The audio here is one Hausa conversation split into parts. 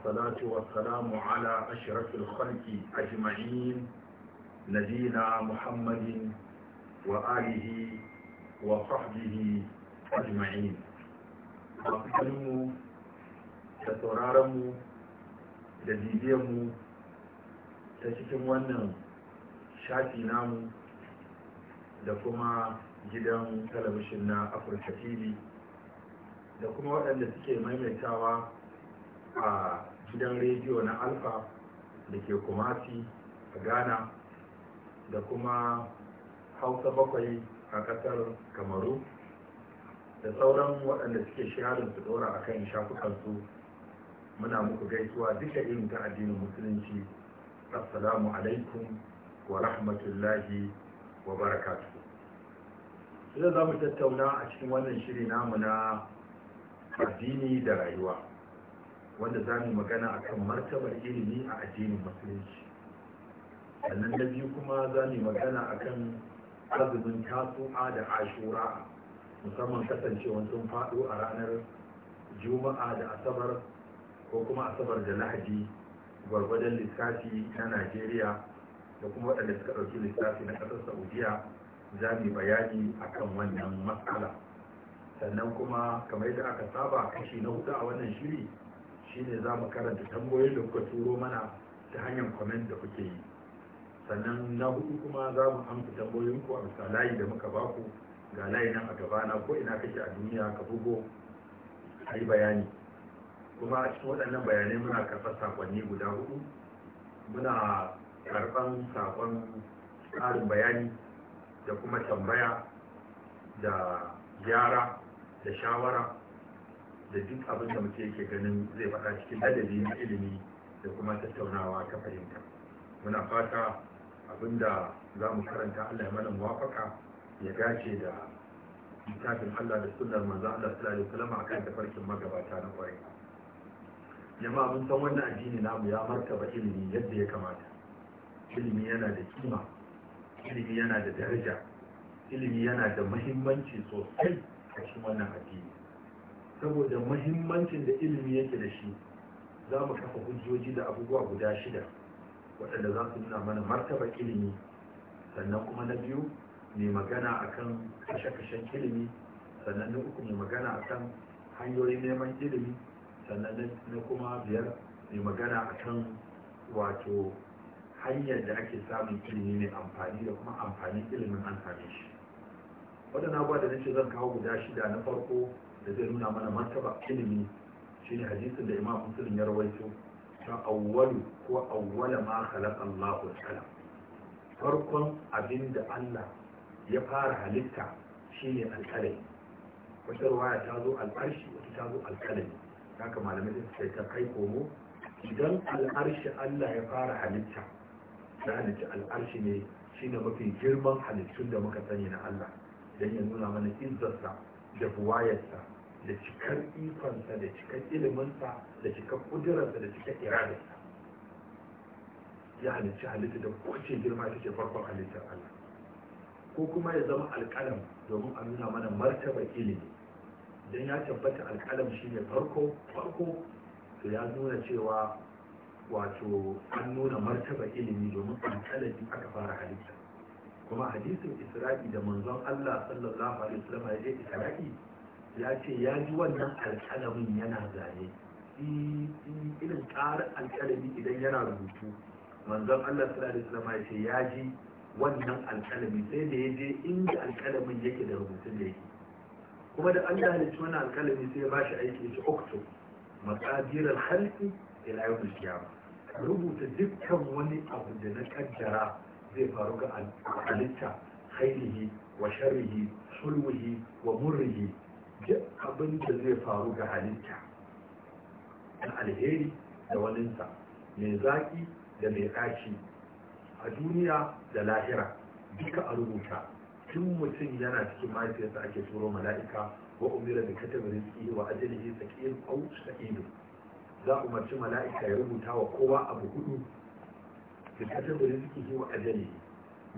والصلاة والسلام على أشرف الخلق أجمعين نبينا محمد وآله وصحبه أجمعين وقتلموا تترارموا لذيذيموا تشكمونا شاتناموا لكما gidan talabishin na afirka tv da kuma waɗanda suke maimaitawa a gidan rediyo na alfa da ke kumasi a ghana da kuma hausa bakwai a kasar kamaru da sauran waɗanda suke shirin su ɗora a kan shafukansu muna muku gaisuwa duka irin ta addinin musulunci assalamu alaikum wa rahmatullahi wa barakatu. idan za mu tattauna a cikin wannan shiri namu na addini da rayuwa wanda za mu magana a kan martabar ilimi a addinin musulunci sannan na biyu kuma za mu magana a kan azumin tasu'a da ashura musamman kasancewa sun faɗo a ranar juma'a da asabar ko kuma asabar da lahadi gwargwadon lissafi na najeriya da kuma waɗanda suka ɗauki lissafi na ƙasar saudiya za mu bayani akan wannan matsala sannan kuma kamar yadda aka saba kashi na hudu a wannan shiri shine za mu karanta tambayoyin da kuka turo mana ta hanyar comment da kuke yi sannan na hudu kuma za mu amsa ku a bisa layi da muka baku ga layi nan a gabana ko ina kake a duniya ka bugo a yi bayani kuma a cikin waɗannan bayanai muna karɓar sakonni guda hudu muna karɓar saƙon tsarin bayani da kuma tambaya da gyara da shawara da duk abin da mutum yake ganin zai faɗa cikin ladabi na ilimi da kuma tattaunawa ta fahimta muna fata abin da za mu karanta Allah ya mana muwafaka ya dace da littafin Allah da sunnar manzo Allah sallallahu alaihi wasallam akan tafarkin magabata na kwarai jama'a mun san wannan addini namu ya martaba ilimi yadda ya kamata ilimi yana da kima ilimi yana da daraja ilimi yana da muhimmanci sosai a cikin wannan addini saboda mahimmancin da ilimi yake da shi za mu kafa hujjoji da abubuwa guda shida waɗanda za su nuna mana martaba ilimi sannan kuma na biyu mai magana akan kashe-kashen ilimi sannan na uku mai magana akan hanyoyin neman ilimi sannan na kuma biyar mai magana akan wato hanyar da ake samun ilimi mai amfani da kuma amfanin ilimin an same shi waɗanda abuwa da nace zan kawo guda shida na farko da zai nuna mana martaba ilimi shine hadisin da imam muslim ya rawaito ta awwalu ko awwala ma khalaqa Allahu al farkon abin da Allah ya fara halitta shine al-qalam wata ruwaya ta zo alarshi wata ta zo al haka malamai da suka ta kai komo idan alarshi Allah ya fara halitta da halitta alarshi ne shine mafi girman halittun da muka sani na Allah dan ya nuna mana izzarsa da buwayarsa da cikar ikonsa da cikar iliminsa da cikar kudurarsa da cikar iradarsa ya halicci halitta da kowace girma ta ce farkon halittar Allah ko kuma ya zama alƙalam domin a nuna mana martaba ilimi don ya tabbata alƙalam shi ne farko farko to ya nuna cewa wato an nuna martaba ilimi domin alƙalami aka fara halitta kuma hadisin isra'i da manzon Allah sallallahu alaihi wasallam ya je isra'i ya ce ya ji wannan alƙalamin yana zane irin ƙarar alƙalami idan yana rubutu manzon Allah sallallahu alaihi wasallam ya ce ya ji wannan alƙalami sai da ya je inda alƙalamin yake da rubutun da yake kuma da Allah ya ci wannan alƙalami sai ya ba shi aiki ci okto maqadir al-khalqi ila yawm al rubuta dukkan wani abu da na kaddara zai faru ga halitta khairihi wa sharrihi sulwihi wa murrihi duk abin da zai faru ga halitta na alheri da waninsa mai zaƙi da mai ɗaci a duniya da lahira duka a rubuta tun mutum yana cikin mahaifiyarsa ake turo mala'ika wa umira da katab rizqi wa yi tsakiyar au sa'id za a umarci mala'ika ya rubuta wa kowa abu hudu da katab rizqi wa ajiyar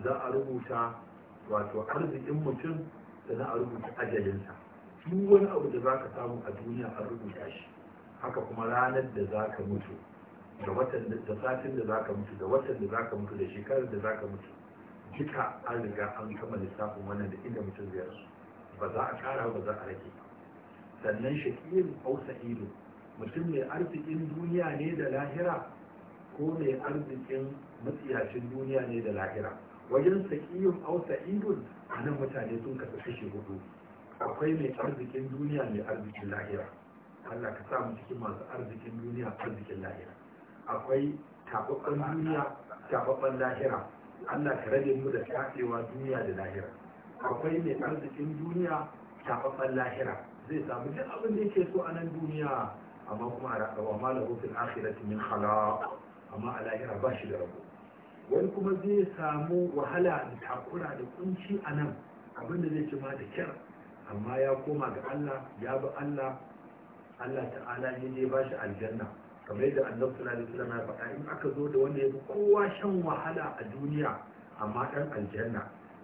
za a rubuta wato arzikin mutum da za a rubuta ajiyarsa duk wani abu da za ka samu a duniya an rubuta shi haka kuma ranar da za ka mutu da satin da za ka mutu da watan da za ka mutu da shekarar da za ka mutu duka an riga an kama lissafin wannan da inda mutum zai rasu ba za a kara ba za a rage sannan shakiyin hausa ido mutum mai arzikin duniya ne da lahira ko mai arzikin matsiyacin duniya ne da lahira wajen sakiyin hausa ido a nan mutane sun kasa kashe hudu akwai mai arzikin duniya mai arzikin lahira Allah ka sa cikin masu arzikin duniya arzikin lahira akwai tababban duniya tababban lahira Allah ka rabe mu da tafewa duniya da lahira akwai mai arzikin duniya tababban lahira zai samu duk abin da yake so a nan duniya amma kuma wa ma fil akhirati min khalaq amma a lahira ba shi da rabo wani kuma zai samu wahala da takura da kunci a nan abin da zai ci ma da kyar amma ya koma ga Allah ya bi Allah Allah ta'ala ne ne ba shi aljanna kamar yadda annabi sallallahu alaihi wasallam ya faɗa in aka zo da wanda ya fi kowa shan wahala a duniya amma dan aljanna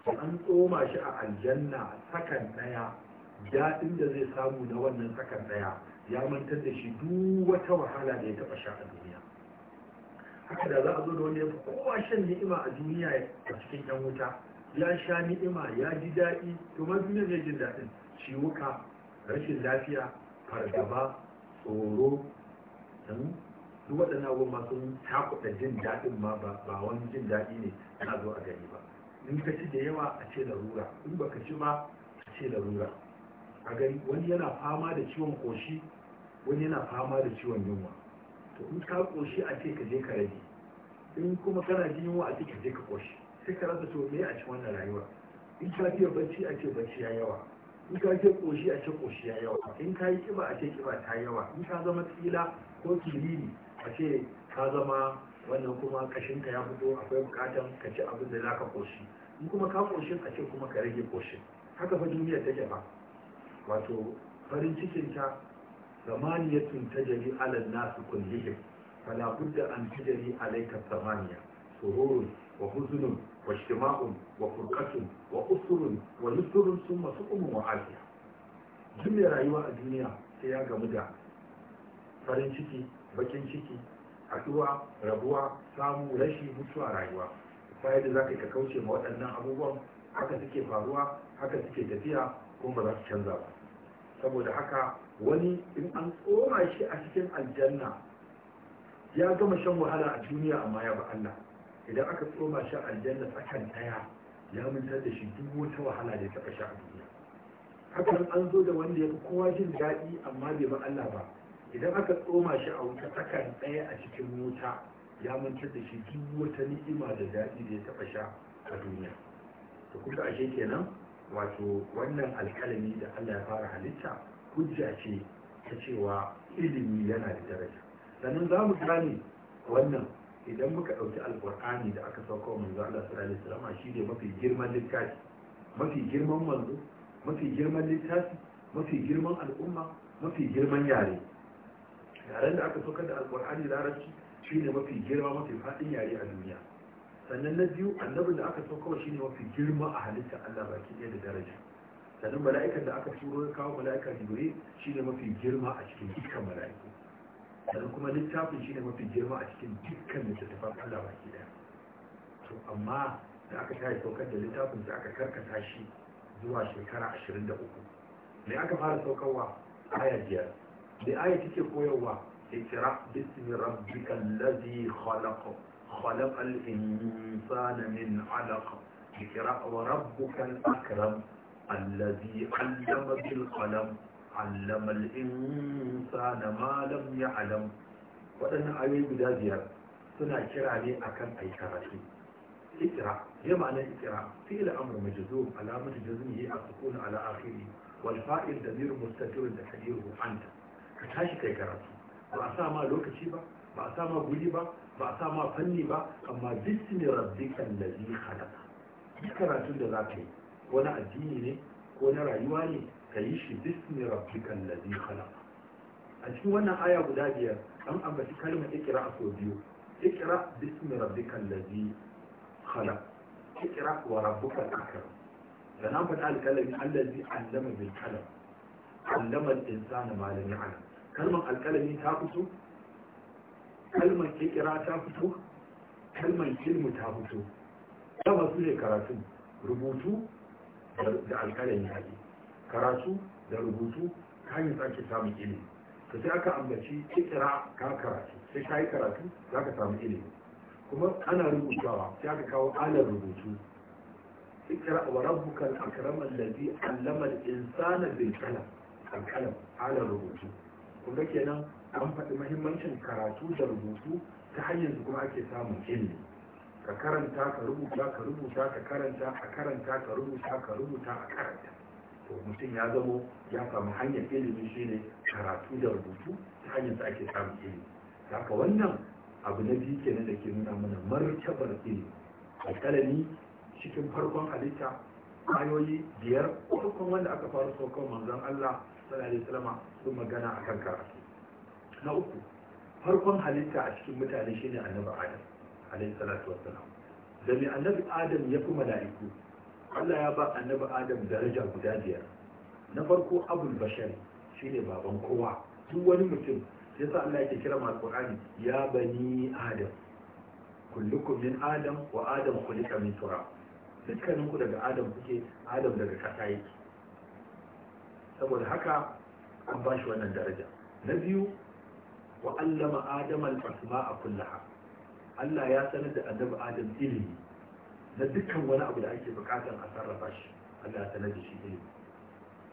an tsoma shi a aljanna sakan daya daɗin da zai samu na wannan sakan daya ya mantar da shi duk wata wahala da ya taɓa sha a duniya haka da za a zo da wanda ya fi kowa shan ni'ima a duniya a cikin yan wuta ya sha ni'ima ya ji daɗi to mafi ne zai jin daɗin ciwuka rashin lafiya fargaba tsoro hmm? duk waɗannan abubuwa masu takuɗa jin daɗin ma ba wani jin daɗi ne na zo a gani ba in ka ci da yawa a ce larura in ba ka ci ba a ce larura a gani wani yana fama da ciwon koshi wani yana fama da ciwon yunwa to in ka koshi a ce ka je ka rage in kuma kana jin yunwa a ce ka je ka koshi sai ka rasa to me a cikin wannan rayuwa in ka fiye bacci a ce bacci ya yawa in ka ce koshi a ce koshi ya yawa in ka yi kiba a ce kiba ta yawa in ka zama tsila ko kilili a ce ka zama wannan kuma kashinka ya fito akwai bukatan ka ci abin da zaka koshi in kuma ka koshin a ce kuma ka rage koshin haka fa duniyar take ba wato farin cikin ta zamaniyatun tajri ala nasu kullihim fala budda an tajri alayka samaniya sururun wa wa وحزن واجتماع masu وأسر ونسر ثم rayuwa a جميع sai ya gamu da farin ciki baƙin ciki haduwa rabuwa samu rashi mutuwa rayuwa bayan da za ka kauce ma waɗannan abubuwan haka suke faruwa haka suke tafiya kuma ba za su canza ba saboda haka wani in an koma shi a cikin aljanna ya gama shan wahala a duniya amma ya ba Allah idan aka tsoma shi aljanna tsakan daya ya mintar da shi duk wata wahala da ya taɓa shi a duniya hakan an zo da wanda ya fi kowa jin daɗi amma bai ba Allah ba idan aka tsoma shi a wuta tsakan daya a cikin wuta ya mintar da shi duk wata ni'ima da daɗi da ya taba sha a duniya to kuma ashe kenan wato wannan alkalami da Allah ya fara halitta hujja ce ta cewa ilimi yana da daraja sannan za mu gane wannan idan muka ɗauki alƙur'ani da aka sauka wa manzo Allah sallallahu alaihi wasallam shi ne mafi girman littafi mafi girman manzo mafi girman littafi mafi girman al'umma mafi girman yare yaren da aka saukar da alƙur'ani larabci shi ne mafi girma mafi faɗin yare a duniya sannan na biyu annabin da aka sauka shi ne mafi girma a halitta Allah baki ɗaya da daraja sannan mala'ikan da aka turo ya kawo mala'ika jibril shi ne mafi girma a cikin dukkan mala'iku sannan kuma littafin shi ne mafi girma a cikin dukkan littattafan Allah baki daya to amma da aka tashi saukar da littafin da aka karkata shi zuwa shekara 23 me aka fara saukarwa aya biyar da aya take koyarwa ikra bismi rabbikal ladhi khalaq خلق الإنسان من علق اقرأ وربك الأكرم الذي علم بالقلم allama al-insana ma lam waɗannan ayoyi guda biyar suna kira ne akan ayi karatu ikra ya ma'anar ikra fi'il amru majzum alamatu jazmihi as-sukun ala akhiri wal fa'il damir mustatir da kadiruhu anta ka tashi kai karatu ba a sa ma lokaci ba ba a sa ma guri ba ba a sa ma fanni ba amma bismi rabbika allazi khalaqa karatun da za ka yi na addini ne ko na rayuwa ne ka yi shi bismi rabbikan ladhi khalaq a cikin wannan aya guda biyar an ambaci kalma ikra sau biyu ikra bismi rabbikan ladhi khalaq ikra wa rabbuka akram da nan faɗa alƙalami allazi allama bil qalam allama al-insana ma lam ya'lam kalmar alƙalami ta fito kalmar ikra ta fito kalmar ilmu ta fito yawa su ne karatu rubutu da alƙalami ake karatu da rubutu ka yi sake samun ilimi ka sai aka ambaci kira ka karatu sai ka yi karatu za ka samu ilimi kuma ana rubutawa sai aka kawo alar rubutu ikra wa rabbuka al-akram allazi allama al-insana bil qalam al-qalam alar rubutu kuma kenan an faɗi muhimmancin karatu da rubutu ta hanyar su kuma ake samun ilimi ka karanta ka rubuta ka rubuta ka karanta ka karanta ka rubuta ka rubuta a karanta to mutum ya zamo ya samu hanyar ilimi ne karatu da rubutu ta hanyar da ake samun ilimi haka wannan abu na biyu kenan da ke nuna mana martabar ilimi alƙalami cikin farkon halitta ayoyi biyar farkon wanda aka fara saukar manzon Allah sallallahu alaihi sun magana akan karatu na uku farkon halitta a cikin mutane shine annabi Adam alaihi salatu da mai annabi Adam ya fi mala'iku Allah ya ba annabi Adam daraja guda biyar na farko abul bashar shine baban kowa duk wani mutum sa Allah yake kira mu ya bani adam kullukum min adam wa adam khuliqa min turab dukkanin ku daga adam kuke adam daga kasa yake saboda haka an ba shi wannan daraja na biyu wa allama adam al-asma'a kullaha Allah ya sanar da annabi Adam ilimi na dukkan wani abu da ake bukatar a sarrafa shi Allah ta nabi shi ne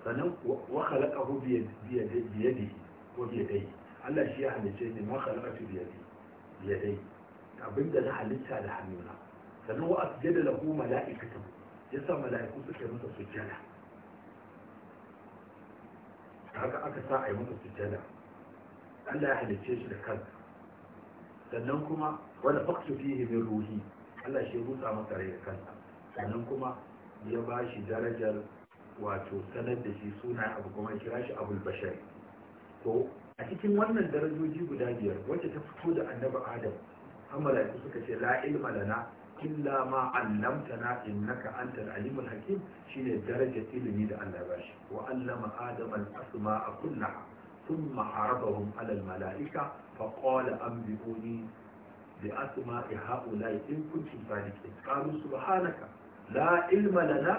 sannan wa khalaqahu bi yadihi ko bi yadihi Allah shi ya halice ne ma khalaqatu bi yadihi bi yadihi abinda na halitta da hannuna sannan wa asjada lahu mala'ikatu yasa mala'iku suke masa sujjada haka aka sa a yi masa sujjada Allah ya halice shi da kansa sannan kuma wala faqtu fihi min ruhi Allah shi rutsa masa rai da kansa sannan kuma ya ba shi darajar wato sanar da shi suna abu kuma kira shi abul bashar to a cikin wannan darajoji guda biyar wacce ta fito da annabi adam an suka ce la ilma lana illa ma allamtana innaka antal alimul hakim shine darajar ilimi da Allah ba shi wa allama adam al asma'a kullaha thumma arabahum ala al mala'ika fa anbi'uni bi asma'i haula'i in kuntum sadiqin qalu subhanaka la ilma lana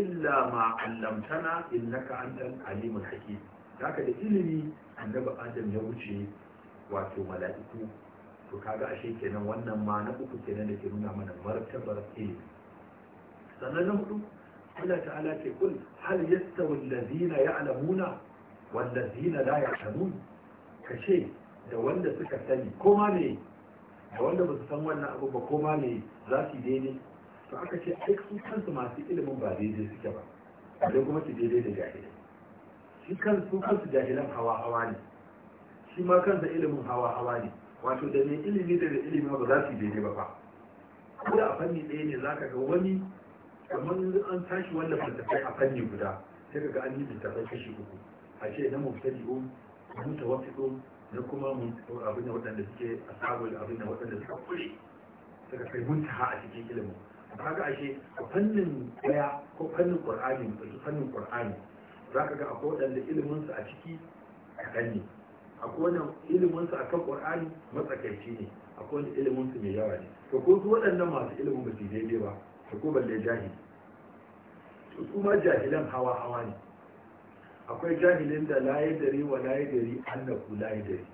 illa ma 'allamtana innaka antal alimul hakim haka da ilimi annabi adam ya wuce wato mala'iku to kaga ashe kenan wannan ma na uku kenan da nuna mana martabar ilimi sannan na hudu Allah ta'ala ke kul hal yastawi allazina ya'lamuna wal ladzina la ya'lamun kace da wanda suka sani ko ma da wanda ba su san wannan abu ba koma ne za su daidai to aka ce ai su kansu masu ilimin ba daidai suke ba sai kuma su daidai da jahilai shi kansu kansu jahilan hawa hawa ne shi ma kansa ilimin hawa hawa ne wato da mai ilimi da da ilimi ba za su daidai ba fa ko da a fanni ɗaya ne za ka ga wani kamar an tashi wannan littattafai a fanni guda sai ka ga an yi littattafai kashi uku a ce na mubtadi'un um, mutawaffiqun um, da kuma abin da waɗanda suke a sabon abin da waɗanda suka kure suka kai muntaha a cikin ilimin kaga ashe a fannin daya ko fannin qur'ani ko fannin qur'ani zaka ga akwai waɗanda ilimin su a ciki a ne akwai wannan ilimin su akan qur'ani matsakaici ne akwai wani ilimin su mai yawa ne to ko su waɗannan masu ilimin ba su daidai ba to ko balle jahili to su ma jahilan hawa hawa ne akwai jahilin da layi dari wa layi dari annahu layi dari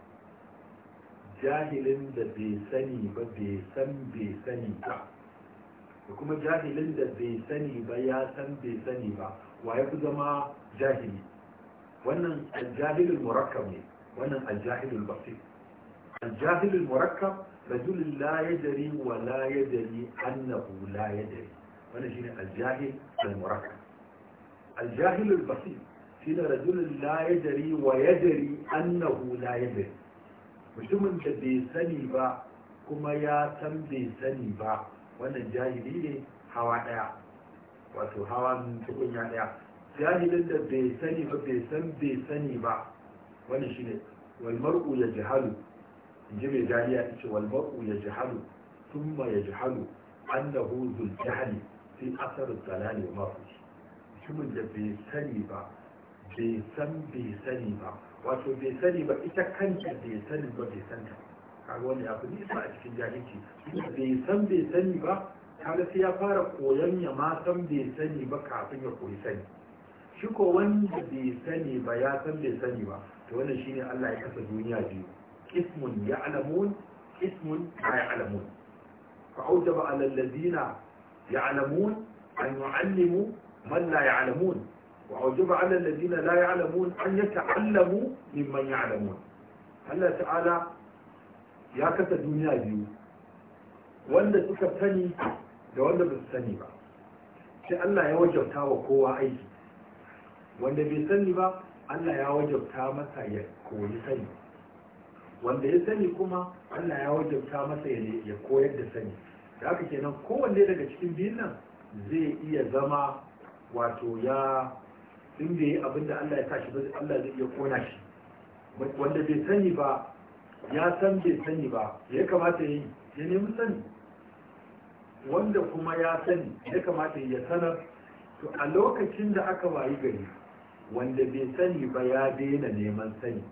jahilin da bai sani ba bai san bai sani ba da kuma jahilin da bai sani ba ya san bai sani ba waye ya zama jahili wannan aljahilul murakkab ne wannan aljahilul basir aljahilul murakkab rajulun la yadari wa la yadari annahu la yadari wannan shine aljahil al murakkab aljahilul basir shine rajulun la yadari wa yadari annahu la yadari mutumin da bai sani ba kuma ya san bai sani ba wannan jahili ne hawa daya wato hawa ya daya jahilin da bai sani ba bai san bai sani ba wannan shine wal mar'u ya jahalu inji mai jahiliya yace wal mar'u ya jahalu ma ya jahalu annahu dhul jahli fi athar ad-dalal wa ma mutumin da bai sani ba bai san bai sani ba wato bai sani ba ita kanta bai sani ba bai san ta kaga wani abu nisa a cikin jahilci bai san bai sani ba kaga sai ya fara koyon ya ma san bai sani ba kafin ya koyi sani shi ko wanda bai sani ba ya san bai sani ba to wannan shine Allah ya kasa duniya biyu ismun ya'lamun ismun la ya'lamun fa aujaba ala alladhina ya'lamun an yu'allimu man la ya'lamun وأوجب على الذين لا يعلمون أن يتعلموا ممن يعلمون Allah ta'ala ya kasa duniya biyu wanda suka sani da wanda ba su sani ba sai Allah ya wajabta wa kowa aiki wanda bai sani ba Allah ya wajabta masa ya koyi sani wanda ya sani kuma Allah ya wajabta masa ya koyar da sani da haka kenan kowanne daga cikin biyun nan zai iya zama wato ya in bai yi abin da Allah ya tashi shi ba Allah zai iya kona shi wanda bai sani ba ya san bai sani ba ya kamata ya yi ya nemi sani wanda kuma ya sani ya kamata ya sanar to a lokacin da aka wayi gari wanda bai sani ba ya daina neman sani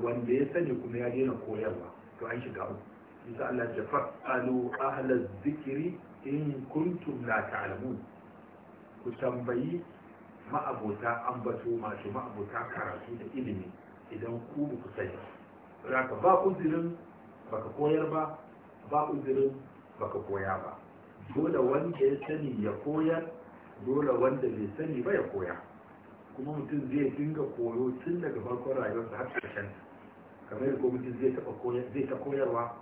wanda ya sani kuma ya daina koyarwa to an shiga uku insa Allah ya fa'alu ahlaz zikri in kuntum la ta'lamun ku tambayi ma'abota an bato masu ma'abota karatu da ilimi idan ku ku sani raka ba uzurin baka koyar ba ba uzurin baka koya ba dole wanda ya sani ya koyar dole wanda bai sani ba ya koya kuma mutum zai dinga koyo tun daga farkon rayuwarsa har ƙarshen kamar yadda mutum zai ta koyarwa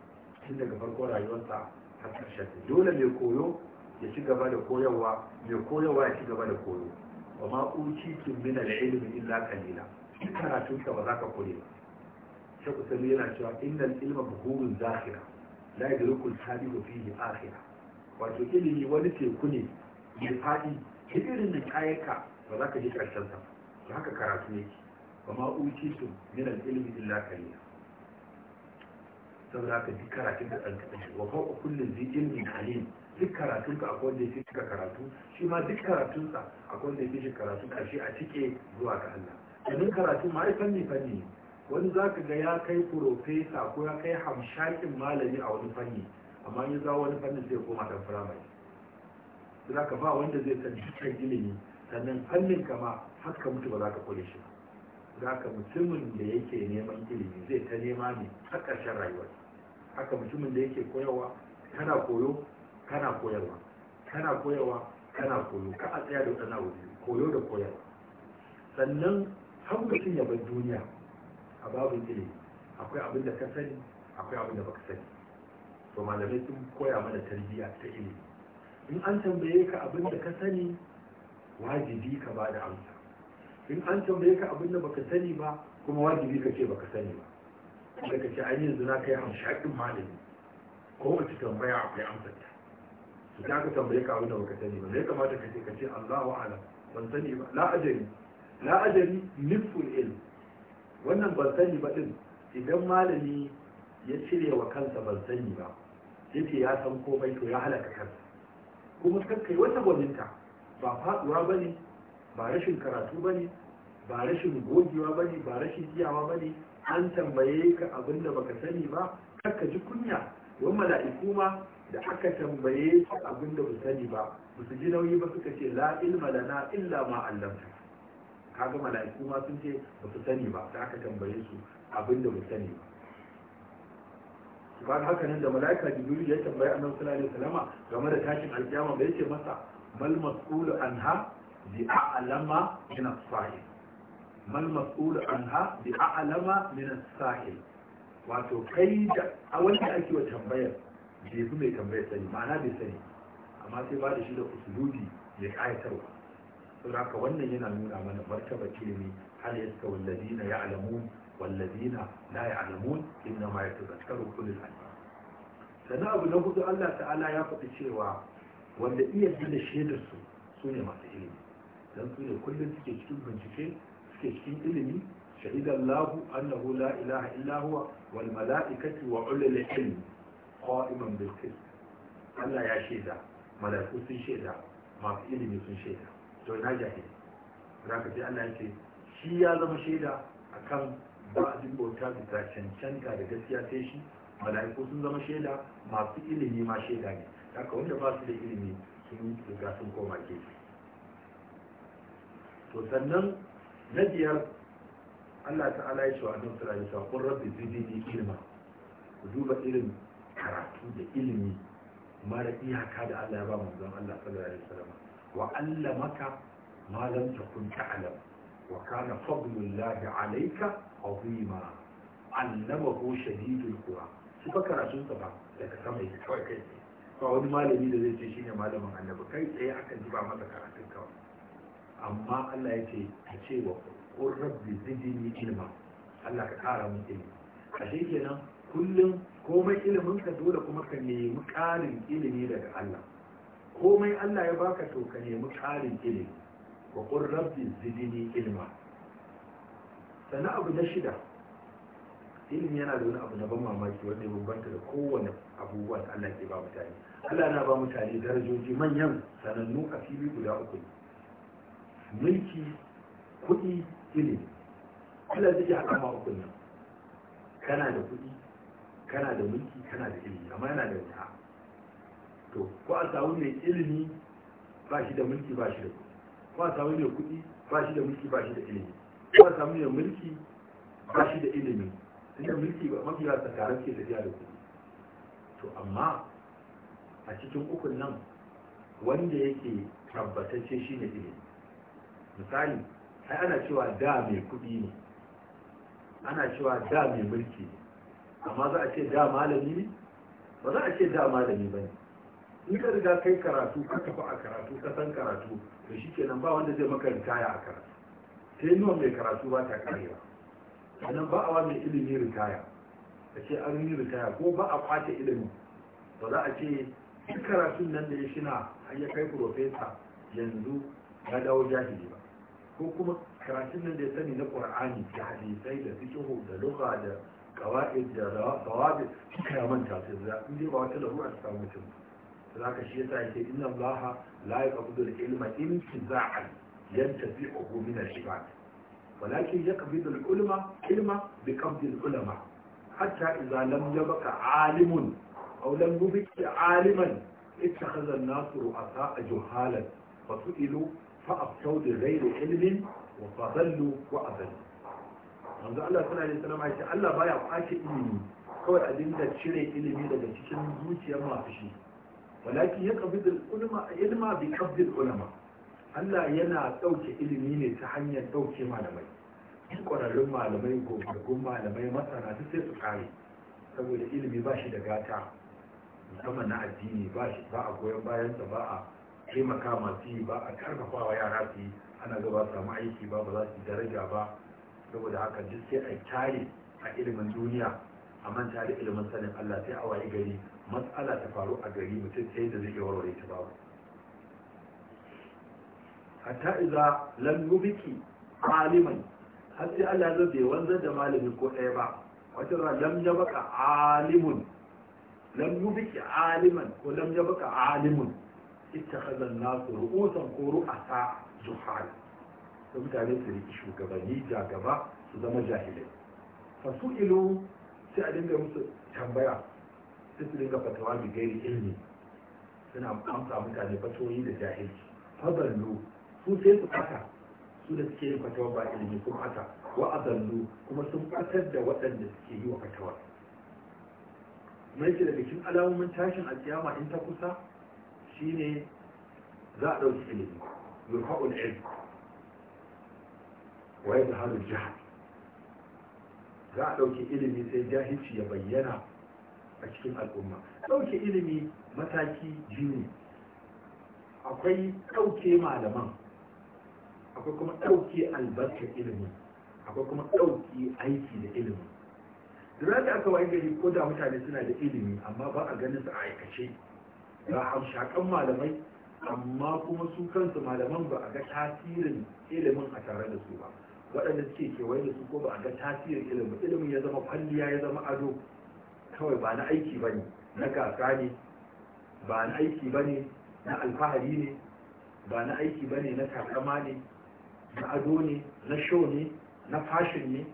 tun daga farkon rayuwarsa har ƙarshen dole mai koyo ya ci gaba da koyarwa mai koyarwa ya ci gaba da koyo wa ma utitu min al ilm illa qalila karatun ka ba za ka kore ba sai ku sani yana cewa innal ilma buhurun zakhira la yadrukul sabiqu fihi akhira wato ilimi wani teku ne mai fadi duk irin da kayanka ba za ka ji karshen sa ba haka karatu yake wa ma utitu min al-ilmi illa qalila saboda haka duk karatun da ɗan kaɗan wa fawqa kulli zai ilmin alim duk karatun ka akwai wanda ya fi karatu shi ma duk karatun sa akwai wanda ya fi karatu karshe a cike zuwa ga Allah domin karatu ma ai fanni fanni ne wani za ka ga ya kai profesa ko ya kai hamshakin malami a wani fanni amma ya za wani fannin zai koma da firamare za ka ba wanda zai san dukkan ilimi sannan fannin ka ma har ka mutu ba za ka kore shi za ka mutumin da yake neman ilimi zai ta nema ne har ƙarshen rayuwar haka mutumin da yake koyarwa kana koyo kana koyarwa kana koyarwa kana koyo ka a tsaya da waɗannan abu koyo da koyarwa sannan har mutum ya bar duniya a babin ilimi akwai abin da ka sani akwai abin da baka sani to malamai sun koya mana tarbiyya ta ilimi in an tambaye ka abin da ka sani wajibi ka ba da amsa in an tambaye ka abin da baka sani ba kuma wajibi ka ce baka sani ba daga ce an yanzu na kai hamshakin malami ko wace tambaya akwai amsa ta. idan aka tambaye ka abin da baka sani ba me ya kamata ka ce ka ce Allahu Ala ban sani ba la ajali la ajali nisful ilm wannan ban sani ba din idan malami ya cire wa kansa ban sani ba yace ya san komai to ya halaka kansa kuma kai wata gwaninta ba faduwa bane ba rashin karatu bane ba rashin gogewa bane ba rashin iyawa bane an tambaye ka abin da baka sani ba kakka ji kunya wani mala'iku ma da aka tambaye su abin da sani ba ba su ji nauyi ba suka ce la ilma lana illa ma allamta kaga mala'iku ma sun ce ba su sani ba da aka tambaye su abin da sani ba bayan haka nan da mala'ika jibril ya tambayi annabi sallallahu alaihi wasallama game da tashin alkiyama bai ce masa mal mas'ulu anha bi a'lama min as-sahil mal mas'ulu anha bi a'lama min as-sahil wato kai da a wanda ake wa tambayar bai fi mai tambayar sani ma'ana bai sani amma sai ba da shi da usulubi mai ƙayatarwa don haka wannan yana nuna mana martaba ilimi hal yaska wallazina ya'lamun wallazina la ya'lamun inna ma yatazakkaru ulul albab sannan abu na hudu Allah ta'ala ya faɗi cewa wanda iya da shaidar su su ne masu ilimi dan su ne kullum suke cikin bincike suke cikin ilimi shahidallahu annahu la ilaha illa huwa wal mala'ikatu wa ulul ilmi qa'iman bil qist Allah ya shaida malaiku sun shaida masu ilimi sun shaida to ina jahili zaka ji Allah yake shi ya zama shaida akan ba jin bauta da cancanta da gaskiya sai shi mala'iku sun zama shaida masu ilimi ma shaida ne haka wanda ba su da ilimi sun riga sun koma gefe to sannan na biyar Allah ta'ala ya ce wa annabi sallallahu alaihi wasallam rabbi zidni ilma ku duba irin karatu da ilimi mara iyaka da Allah ya ba manzon Allah sallallahu alaihi wasallam wa allamaka ma lam takun ta'lam wa kana fadlullahi alayka azima allamahu shadidul quwa shi ka karatun sa ba daga sama yake kawai kai ba wani malami da zai ce shine malamin annabi kai tsaye aka ji ba masa karatun kawai amma Allah ya ce a ce wa qur rabbi zidni ilma Allah ka kara min ilimi ashe kenan kullum komai ilimin ka dole kuma ka nemi ƙarin ilimi daga Allah komai Allah ya baka to ka nemi ƙarin ilimi wa qur rabbi zidni ilma sana abu na shida ilimi yana da wani abu na ban mamaki wanda ya bambanta da kowane abubuwa da Allah ke ba mutane Allah na ba mutane darajoji manyan sanannu a fili guda uku mulki kuɗi ilimi Allah zai haɗa kama uku nan kana da kuɗi kana da mulki kana da ilimi amma yana da wuta to ko a samu mai ilimi ba shi da mulki ba shi da kuɗi ko a samu mai kuɗi ba shi da mulki ba shi da ilimi ko a samu mai mulki ba shi da ilimi inda mulki ba mafi ba karar ke tafiya da kuɗi to amma a cikin ukun nan wanda yake tabbatacce shi ne ilimi misali ai ana cewa da mai kuɗi ne ana cewa da mai mulki ne amma za a ce da malami ba za a ce da malami ba ne in ka riga kai karatu ka tafi a karatu ka san karatu to shi kenan ba wanda zai maka ritaya a karatu sai nuna mai karatu ba ta karewa sannan ba a wani mai ritaya a ce an yi ritaya ko ba a kwace ilimi ba za a ce duk karatun nan da ya shina an ya kai profesa yanzu ya dawo jahili ba ko kuma karatun nan da ya sani na qur'ani da hadisai da fiqh da lugha da kawa'id da kawa'id suka ya manta su da in dai ba wata larura ta samu mutum to zaka shi yasa yake inna allaha la yaqbidu al-ilma intiza'an yantafi'uhu min al-ibad ولكن يقبض العلم علما بقبض العلماء حتى إذا لم يبق عالم أو لم يبق عالما اتخذ الناس رؤساء جهالا فسئلوا فأفتوا بغير علم وفضلوا وأضلوا yanzu Allah suna yin sanama ya ce Allah baya kwace ilimi kawai a dinga cire ilimi daga cikin zuciyar masu shi walakin ya kabidul ulama ilma bi kabdil ulama Allah yana ɗauke ilimi ne ta hanyar ɗauke malamai ƙwararrun malamai gogaggun malamai masana duk sai su kare saboda ilimi ba shi da gata musamman na addini ba a goyon bayansa ba a taimaka masu yi ba a karfafawa yara su yi ana gaba samu aiki ba ba za su daraja ba saboda haka duk sai a tare a ilimin duniya a manta da ilimin sanin Allah sai a waye gari matsala ta faru a gari mutum sai da zai warware ta babu hatta idza lam yubiki aliman har sai Allah zai bai wanzar da malami ko ɗaya ba wata ran lam yabaka alimun lam yubiki aliman ko lam yabaka alimun ittakhadha an-nasu ru'usan ko ru'asa juhala da mutane su riƙi shugabanni gaba su zama jahilai su ilo sai a dinga musu tambaya sai su dinga fatawa mai gairi ilmi suna amsa mutane fatoyi da jahilci fadallu su sai su ɓata su da suke yin fatawa ba ilmi sun ɓata wa adallu kuma sun ɓatar da waɗanda suke yi wa fatawa mai bikin daga cikin alamomin tashin alkiyama in ta kusa shine za a ɗauki ilimi yurfa'ul ilmi waye da halin jihar za a ɗauki ilimi sai jahilci ya bayyana a cikin al'umma ɗauke ilimi mataki jini, akwai ɗauke malaman akwai kuma ɗauke albarkar ilimi akwai kuma ɗauke aiki da ilimi duk da aka wayi gari ko da mutane suna da ilimi amma ba a ganin su a aikace ga hamshakan malamai amma kuma su kansu malaman ba a ga tasirin ilimin a tare da su ba waɗanda suke kewaye da su ko ba a ga tasirin ilimi ilimin ya zama kwalliya ya zama ado kawai ba na aiki ba ne na gasa ne ba na aiki ba ne na alfahari ne ba na aiki ba ne na takama ne na ado ne na show ne na fashin ne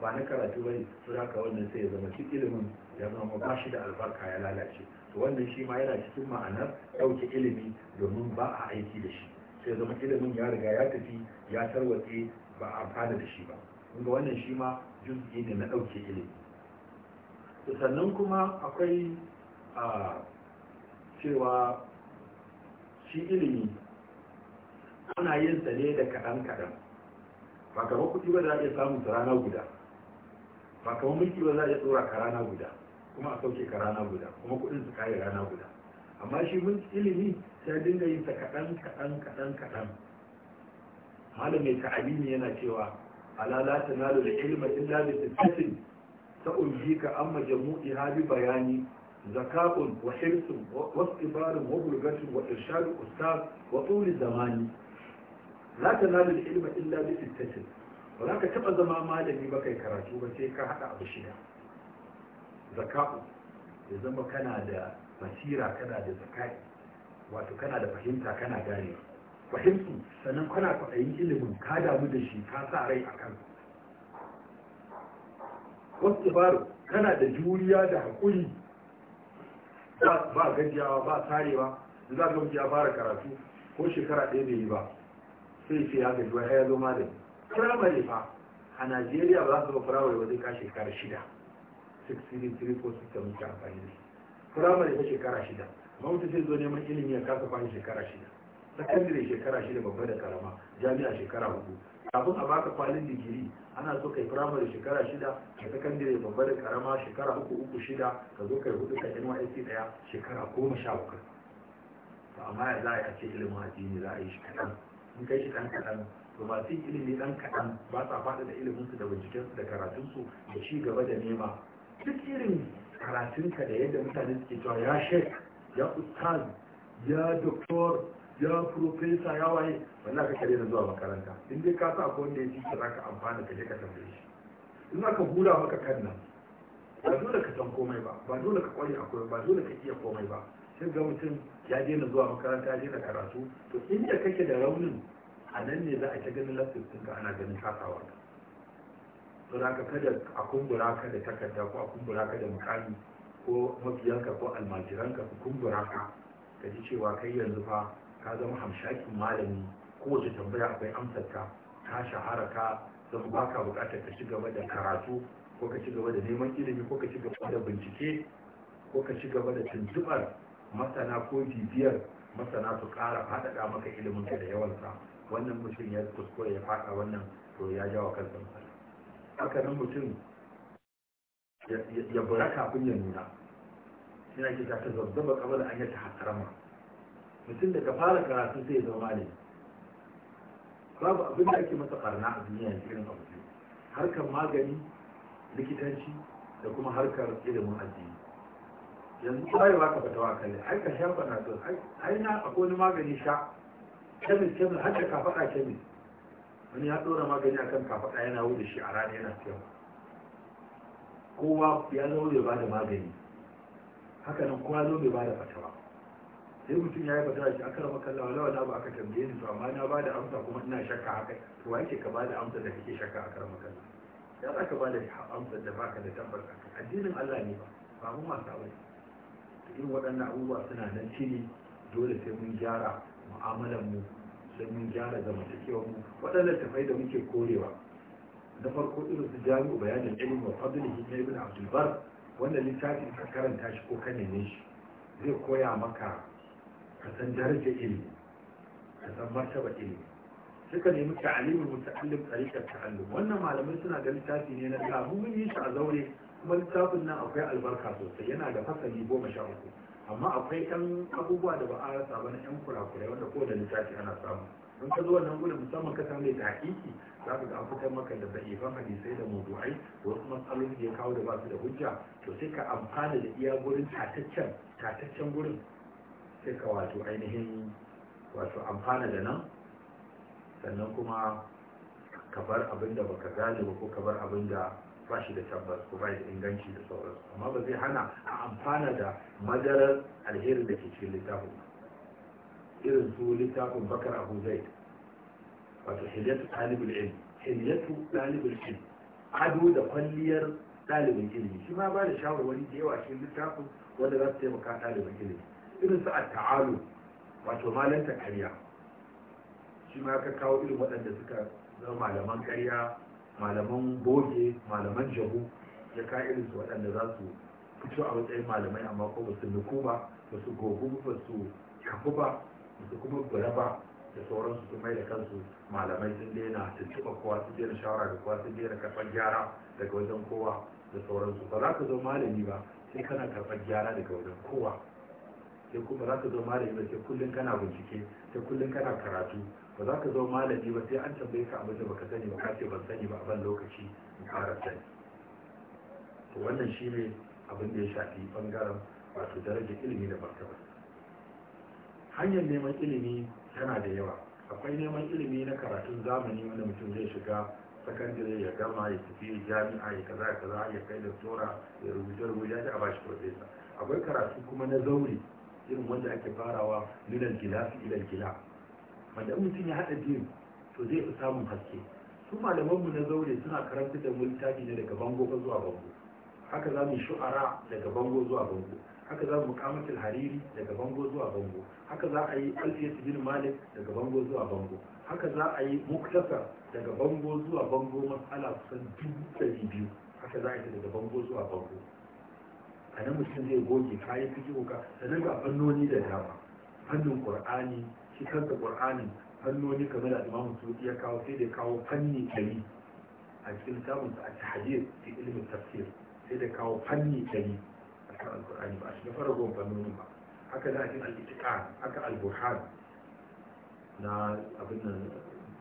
ba na karatu ba ne su haka wannan sai ya zama cikin ilimin ya zama ba shi da albarka ya lalace to wannan shi ma yana cikin ma'anar ɗauke ilimi domin ba a aiki da shi sai zama ilimin ya riga ya tafi ya tarwatse ba a amfana da shi ba inda wannan shi ma juz'i ne na ɗauke ilimi sannan kuma akwai a cewa shi ilimi ana yin sa ne da kaɗan-kaɗan ba kamar kuɗi ba za a iya samun su rana guda ba kamar mulki ba za a iya tsora ka rana guda kuma a sauke ka rana guda kuma kuɗin su kayi rana guda amma shi mun ilimi sai dinga yin sa kaɗan kaɗan kaɗan kaɗan malamin ta'alimi yana cewa ala la tanalu da ilma illa bi sittatin ka amma jamu'i hadi bayani zaka'un wa hirsun wa istibarun wa bulgatun wa irshadu ustaz wa tuli zamani la tanalu da ilma illa bi sittatin ba za ka taɓa zama malami ba kai karatu ba sai ka haɗa abu shida zaka'u ya zama kana da basira kana da zaka'i wato kana da fahimta kana ganewa fahimtu sannan kana kwaɗayin ilimin ka damu da shi ka sa rai a kan wasu kana da juriya da haƙuri ba gajiyawa ba tarewa da za ga ya fara karatu ko shekara ɗaya bai yi ba sai ce ya gaji wai ya zo malami firamare fa a najeriya ba za su ba firamare ba ka shekara shida 63 ko 67 firamare ba shekara shida ba mutu sai zo neman ilimi ya kasa kwani shekara shida sakandare shekara shida babba da karama jami'a shekara hudu kafin a baka kwalin digiri ana so kai firamare shekara shida ka sakandare babba da karama shekara uku uku shida ka zo kai hudu ka nysc daya shekara goma sha bakwai to amma ya za a yi ce ilimin addini za a yi shi kaɗan in kai shi ɗan kaɗan to masu ilimi ɗan kaɗan ba sa faɗa da iliminsu da bincikensu da karatunsu da ci gaba da nema duk irin karatunka da yadda mutane suke cewa ya shek ya ustaz ya doktor ya profesa ya waye wannan ka kare na zuwa makaranta in dai ka sa ko wanda ya ci ka amfana ka je ka tambaye shi in ka hura maka kan ba dole ka san komai ba ba dole ka kware akwai ba dole ka iya komai ba sai ga mutum ya daina zuwa makaranta ya daina karatu to inda kake da raunin a nan ne za a ta ganin lafis ɗinka ana ganin kasawa ka to da ka kada a kumbura ka da takarda ko a kumbura ka da mukami ko mafiyanka ko almajiranka ku kumbura ka ka ji cewa kai yanzu fa ka zama hamshakin malami kowace tambaya akwai amsarka ka shahara ka zama ka buƙatar ka ci gaba da karatu ko ka ci gaba da neman ilimi ko ka ci gaba da bincike ko ka ci gaba da tuntuɓar masana ko bibiyar masana su ƙara faɗaɗa maka ilimin ka da yawansa wannan mutum ya kuskure ya faɗa wannan to ya jawa kansa matsala haka nan mutum ya bura kafin ya nuna Ina kita ta zazzaba kamar an yi ta hasarama mutum daga fara karatu sai ya zama ne babu abin da ake masa karna a duniya irin abu harkar magani likitanci da kuma harkar ilimin addini yanzu ba ya baka fatawa a ai ka sha panadol ai na akwai wani magani sha kemis kemis har da kafaɗa kemis wani ya ɗora magani a kan kafaɗa yana wuce shi a rana yana siyarwa kowa ya zo bai ba da magani haka nan kowa zo ba da fatawa sai mutum ya yi ba shi aka rama kalla wala wala ba aka tambaye ni to amma na ba da amsa kuma ina shakka haka to wa yake ka ba da amsa da kake shakka aka rama kalla ya za ka ba da amsa da baka da tabbas addinin Allah ne ba ba mu masu aure irin waɗannan abubuwa suna nan cini dole sai mun gyara mu'amalar mu sai mun gyara zamantakewar mu waɗannan tafai da muke korewa na farko irin su jami'u bayanin ilimin wa fadlihi na ibn abdul bar wannan littafin ka karanta shi ko ka neme shi zai koya maka ka san darajar ilimi ka san martaba ilimi suka nemi ta'alimin muta'allim tsarikar ta'allum wannan malamai suna da littafi ne na da mun yi shi a zaure kuma littafin nan akwai albarka sosai yana da fasali goma sha uku amma akwai yan abubuwa da ba a rasa ba na yan kurakurai wanda ko da littafi ana samu in ka zo wannan gudun musamman ka samu da hakiki za ka ga an fitar maka da da'ifan hadisai da mudu'ai da wasu matsaloli da ya kawo da ba su da hujja to sai ka amfana da iya gurin tataccen tataccen gurin sai ka wato ainihin wato amfana da nan sannan kuma ka bar abin da baka gane ba ko ka bar abin da ba shi da tabbas ko ba shi da inganci da sauransu amma ba zai hana a amfana da madarar alherin da ke cikin littafin irin su littafin bakar abu zai wato hiliyatu dalibin ilm hiliyatu dalibin ilm ado da kwalliyar ɗalibin ilimi shi ma ba da shawarwari da yawa cikin littafin wanda za su taimaka ɗalibin ilimi irin su a taalu wato malanta karya shi ma ka kawo irin waɗanda suka zama malaman karya malaman boge malaman jahu ya ka irin su waɗanda za su fito a matsayin malamai amma ko ba su nuku ba ba su gogu ba su kafu ba ba su kuma gura ba da sauransu sun mai da kansu malamai sun daina tuntuɓa kowa sun daina shawara da kowa sun daina karɓar gyara daga wajen kowa da sauransu ba za ka zo malami ba sai kana karɓar gyara daga wajen kowa sai kuma za ka zo malami ba sai kullum kana bincike sai kullum kana karatu ba za ka zo malami ba sai an tambaye ka abin da baka sani ba ka ban sani ba a ban lokaci in fara sani to wannan shi ne abin da ya shafi bangaren wato darajar ilimi da martaba hanyar neman ilimi tana da yawa akwai neman ilimi na karatun zamani wanda mutum zai shiga sakandare ya gama ya tafi jami'a ya kaza kaza ya kai da tsora ya rubuce rubuce ya a bashi profesa akwai karatu kuma na zauri irin wanda ake farawa minal su ilal gila wanda mutum ya haɗa biyu to zai fi samun haske su malamanmu na zaure suna karanta da mu littafi ne daga bango zuwa bango haka za mu shu'ara daga bango zuwa bango haka za mu kamatul hariri daga bango zuwa bango haka za a yi alfiyat bin malik daga bango zuwa bango haka za a yi muktasa daga bango zuwa bango mas'ala kusan dubu ɗari biyu haka za a yi daga bango zuwa bango a nan mutum zai goge kayan fiki ka sannan ga fannoni da dama fannin qur'ani shi kansa qur'anin fannoni kamar da imamu suwuti ya kawo sai da kawo fanni ɗari a cikin samun a tahajir fi ilimin tafsir sai da kawo fanni kari a kan alqur'ani ba a shiga faragon fannonin ba haka da cikin al-itiqan haka al-burhan na abin nan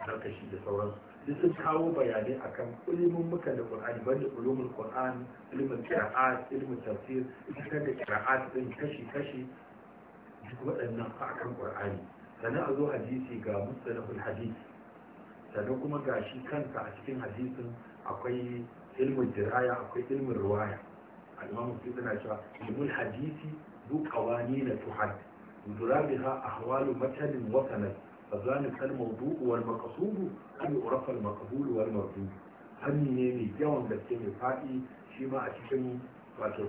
da sauransu duk sun kawo bayanai akan ilimin muka da qur'ani banda ulumul qur'an ilimin qira'at ilimin tafsir ita da qira'at din kashi kashi duk waɗannan fa akan qur'ani sannan a zo hadisi ga mustalahul hadisi sannan kuma ga shi kansa a cikin hadisin akwai ilmin diraya akwai ilmin ruwaya al'imamu su suna cewa ilmul hadisi duk kawani na tuhad durabiha ahwalu matalin wasanar فذلك الموضوع والمقصود أن يعرف المقبول والمردود hanni ne mai yawan gaske mai faɗi shima a cikin wato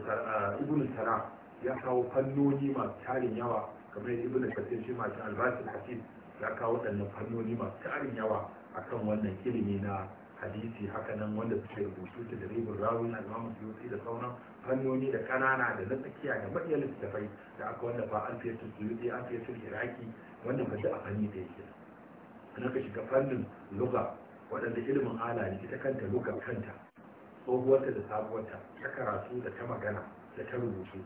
tara ya kawo fannoni masu tarin yawa kamar ibn kasir shi ma cikin albasin ya kawo waɗannan fannoni masu tarin yawa a kan wannan ilimi na hadisi hakanan wanda suke rubutu da ribin rawun al'amun suyuti da sauran fannoni da ƙanana da na tsakiya da maɗiyar littattafai da aka wanda ba an fiye iraki wannan kashi a fanni da yake na ka shiga fannin luga waɗanda ilimin ala ne ita kanta luga kanta tsohuwarta da sabuwarta ta karatu da ta magana da ta rubutu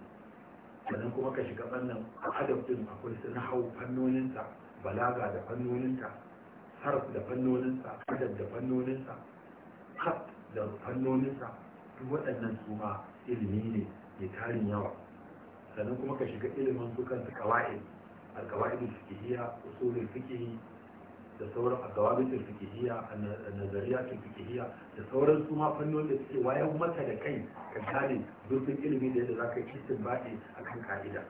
sannan kuma ka shiga fannin adab din akwai su hau fannoninsa balaga da fannoninta sarf da fannoninsa adab da fannoninsa kat da fannoninsa duk waɗannan su ma ilimi ne mai tarin yawa sannan kuma ka shiga ilimin su kansu القواعد الفقهية أصول الفقه da sauran a gawabitin a nazariyatin fikihiyya da sauran su ma da suke wayan mata da kai ka gane zurfin ilimi da yadda za ka yi baɗi a kan ƙa'ida.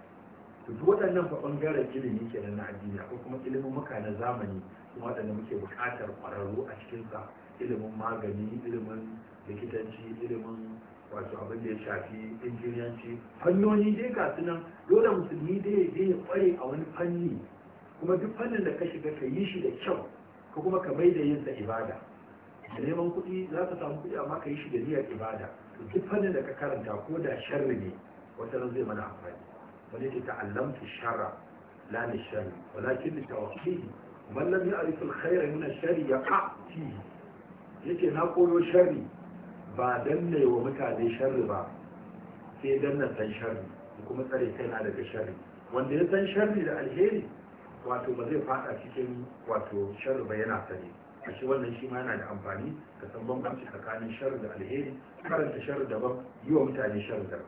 to duk waɗannan fa ɓangaren ilimi kenan na addini ko kuma ilimin muka na zamani kuma waɗanda muke buƙatar ƙwararru a cikinsa ilimin magani ilimin likitanci ilimin wato abin da ya shafi injiniyanci fannoni dai ga nan dole musulmi dai ya ya kware a wani fanni kuma duk fannin da ka shiga ka yi shi da kyau ka kuma ka mai da yin sa ibada da neman kuɗi za ka samu kuɗi amma ka yi shi da niyyar ibada duk fannin da ka karanta ko da sharri ne wata zai mana amfani wani ke ta'allamtu shara la ni sharri walakin ni tawakkihi man lam ya'rif al-khayra min ash shari yaqa yake na koyo sharri ba danne wa mutane sharri ba sai dan na san sharri kuma tsare kai na daga sharri wanda ya san sharri da alheri wato ba zai fada cikin wato sharri ba yana sani a shi wannan shi ma yana da amfani ka san bambanci tsakanin sharri da alheri karanta sharri daban yi wa mutane sharri daban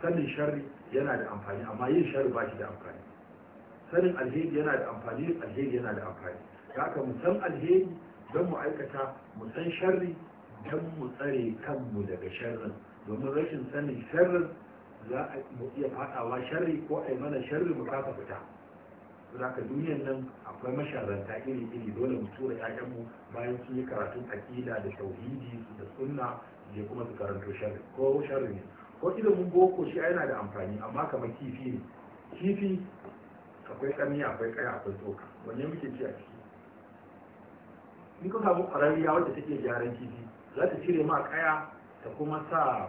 sanin sharri yana da amfani amma yin sharri ba shi da amfani sanin alheri yana da amfani alheri yana da amfani ka mu san alheri don mu aikata mu san sharri don mu tsare kanmu daga sharrin domin rashin sanin sharrin za a iya fadawa sharri ko a yi mana sharri mu kasa fita za ka duniyan nan akwai masharanta iri iri dole mu tura ƴaƴanmu bayan sun yi karatun aƙida da tauhidi da sunna je kuma su karanto sharri ko sharri ne ko mun boko shi yana da amfani amma kamar kifi ne kifi akwai ƙarni akwai ƙaya akwai tsoka wanne muke ci a ciki in ka samu ƙwararriya wadda take gyaran kifi za ta cire ma kaya ta kuma sa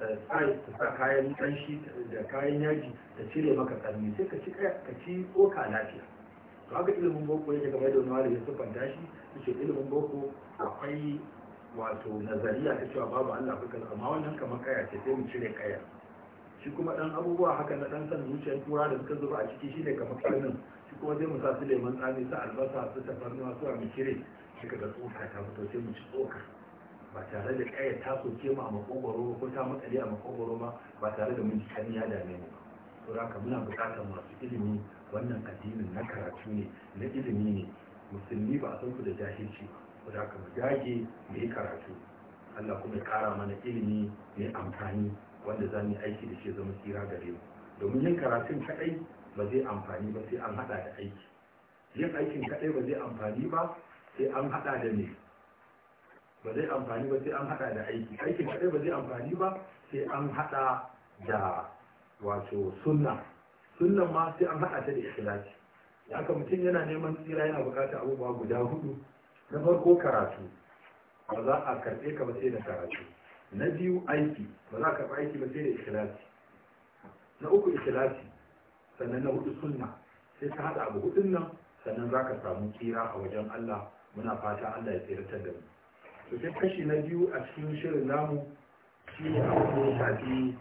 eh, sai ta sa kayan kanshi da kayan yaji ta cire maka kalmi sai ka ci ka ci oka lafiya to haka ilimin boko yake kamar da wani ya siffanta shi yake ilimin boko akwai wato nazariya ta cewa babu Allah fi kaza amma wannan kamar kaya ce sai mu cire kaya shi kuma dan abubuwa haka na dan san zuciyar tura da suka zuba a ciki shine kamar kallon shi kuma zai mu sa su leman tsami su albasa su tafarnuwa su a mikire. kika ga tsoka ta fito sai mu ci tsoka ba tare da kaya ta soke mu a makogwaro ko ta matsale a makogwaro ma ba tare da mun ji kan ya dame mu to haka muna buƙatar masu ilimi wannan addinin na karatu ne na ilimi ne musulmi ba a san da jahilci ba da haka mu dage mu yi karatu Allah kuma ya kara mana ilimi mai amfani wanda za yi aiki da shi zama tsira gare mu domin yin karatun kaɗai ba zai amfani ba sai an haɗa da aiki yin aikin kaɗai ba zai amfani ba sai an hada da ne ba zai amfani ba sai an hada da aiki aikin kadai ba zai amfani ba sai an hada da wato sunna sunnan ma sai an hada ta da ikhlasi ya ka mutum yana neman tsira yana bukatar abubuwa guda hudu na farko karatu ba za a karɓe ka ba sai da karatu na biyu aiki ba za a karɓi aiki ba sai da ikhlasi na uku ikhlasi sannan na hudu sunna sai ka hada abu hudun nan sannan za ka samu tsira a wajen Allah muna fata Allah ya tsirtar da mu to sai kashi na biyu a cikin shirin namu shine ne a ya shafi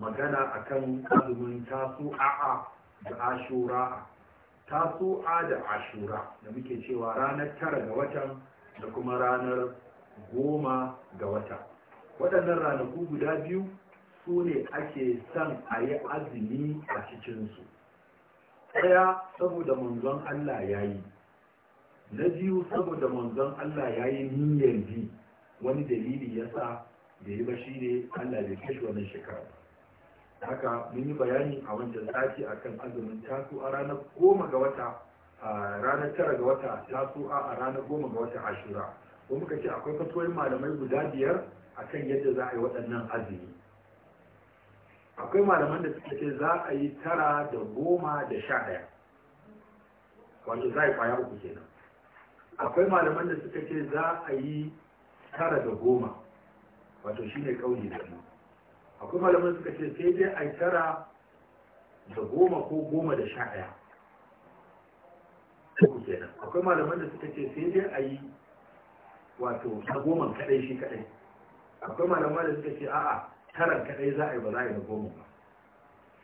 magana akan azumin tasu'a da ashura tasu'a da ashura da muke cewa ranar tara ga watan da kuma ranar goma ga wata waɗannan ranaku guda biyu su ne ake son a yi azumi a cikinsu ɗaya saboda manzon Allah ya yi na biyu saboda manzon Allah ya yi niyyar bi wani dalili ya sa da yi ba shi ne Allah bai kashe wannan shekara haka mun yi bayani a wancan sati akan azumin tasu a ranar goma ga wata a ranar tara ga wata tasu a ranar goma ga wata ashura ko muka ce akwai fatoyin malamai guda biyar akan yadda za a yi waɗannan azumi akwai malaman da suka ce za a yi tara da goma da sha ɗaya wato za a yi kwaya uku kenan akwai malaman da suka ce za a yi tara da goma wato shi ne kauye da biyu akwai malaman suka ce sai dai a yi tara da goma ko goma da sha ɗaya akwai malaman da suka ce sai dai a yi wato na goma kaɗai shi kaɗai akwai malaman da suka ce a'a taran kaɗai za a yi ba za a yi na goma ba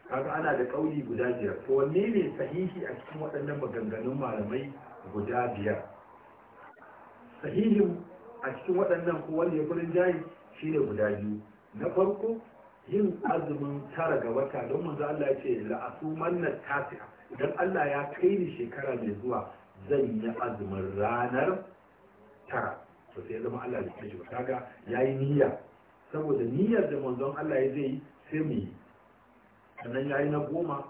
kaga ana da ƙauli guda biyar to wanne ne sahihi a cikin waɗannan maganganun malamai guda biyar sahihin a cikin waɗannan ko ya kunin jayi shi ne guda biyu na farko yin azumin tara ga wata don manzo Allah ya ce la'asu manna tasi'a idan Allah ya kai ni shekara mai zuwa zan yi azumin ranar tara to sai zama Allah ya kashe kaga yayi niyya saboda niyyar da manzon Allah ya zai sai mu yi sannan yayi na goma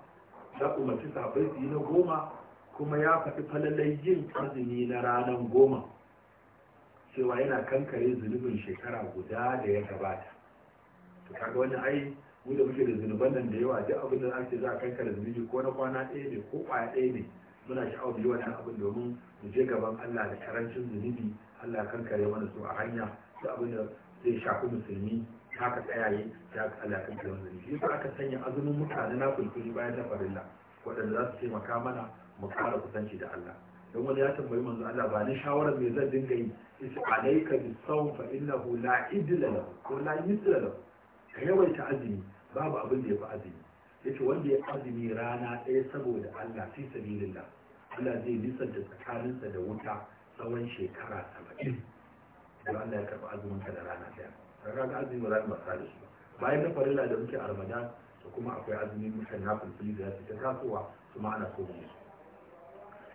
za umarci sahabbai su yi na goma kuma ya faɗi falalai yin azumi na ranar goma cewa yana kankare zunubin shekara guda da ya gabata to kaga wani ai mu da muke da zunuban nan da yawa duk abin da ce za a kankare zunubi ko na kwana ɗaya ne ko kwaya ɗaya ne muna sha'awar yi wannan abin domin mu je gaban Allah da karancin zunubi Allah kankare mana su a hanya duk abin da zai shafi musulmi haka tsayaye ta Allah kankare mana zunubi yasa aka sanya azumin mutane na kulkuli bayan ta farilla waɗanda za su taimaka mana mu ƙara kusanci da Allah don wani ya tambayi manzo Allah ba ni shawarar me zan dinga yi alaika bi sau fa innahu la idla lahu ko la yidla lahu ka yawaita azumi babu abin da ya fi azumi yace wanda ya azumi rana ɗaya saboda Allah fi sabilillah Allah zai nisanta tsakaninsa da wuta tsawon shekara saba'in don Allah ya karɓi azumin ka da rana ɗaya kaga ga azumi rana ba sa da su bayan na farilla da muke a da kuma akwai azumi mutan na fulfili da su ta tasowa kuma ana so mu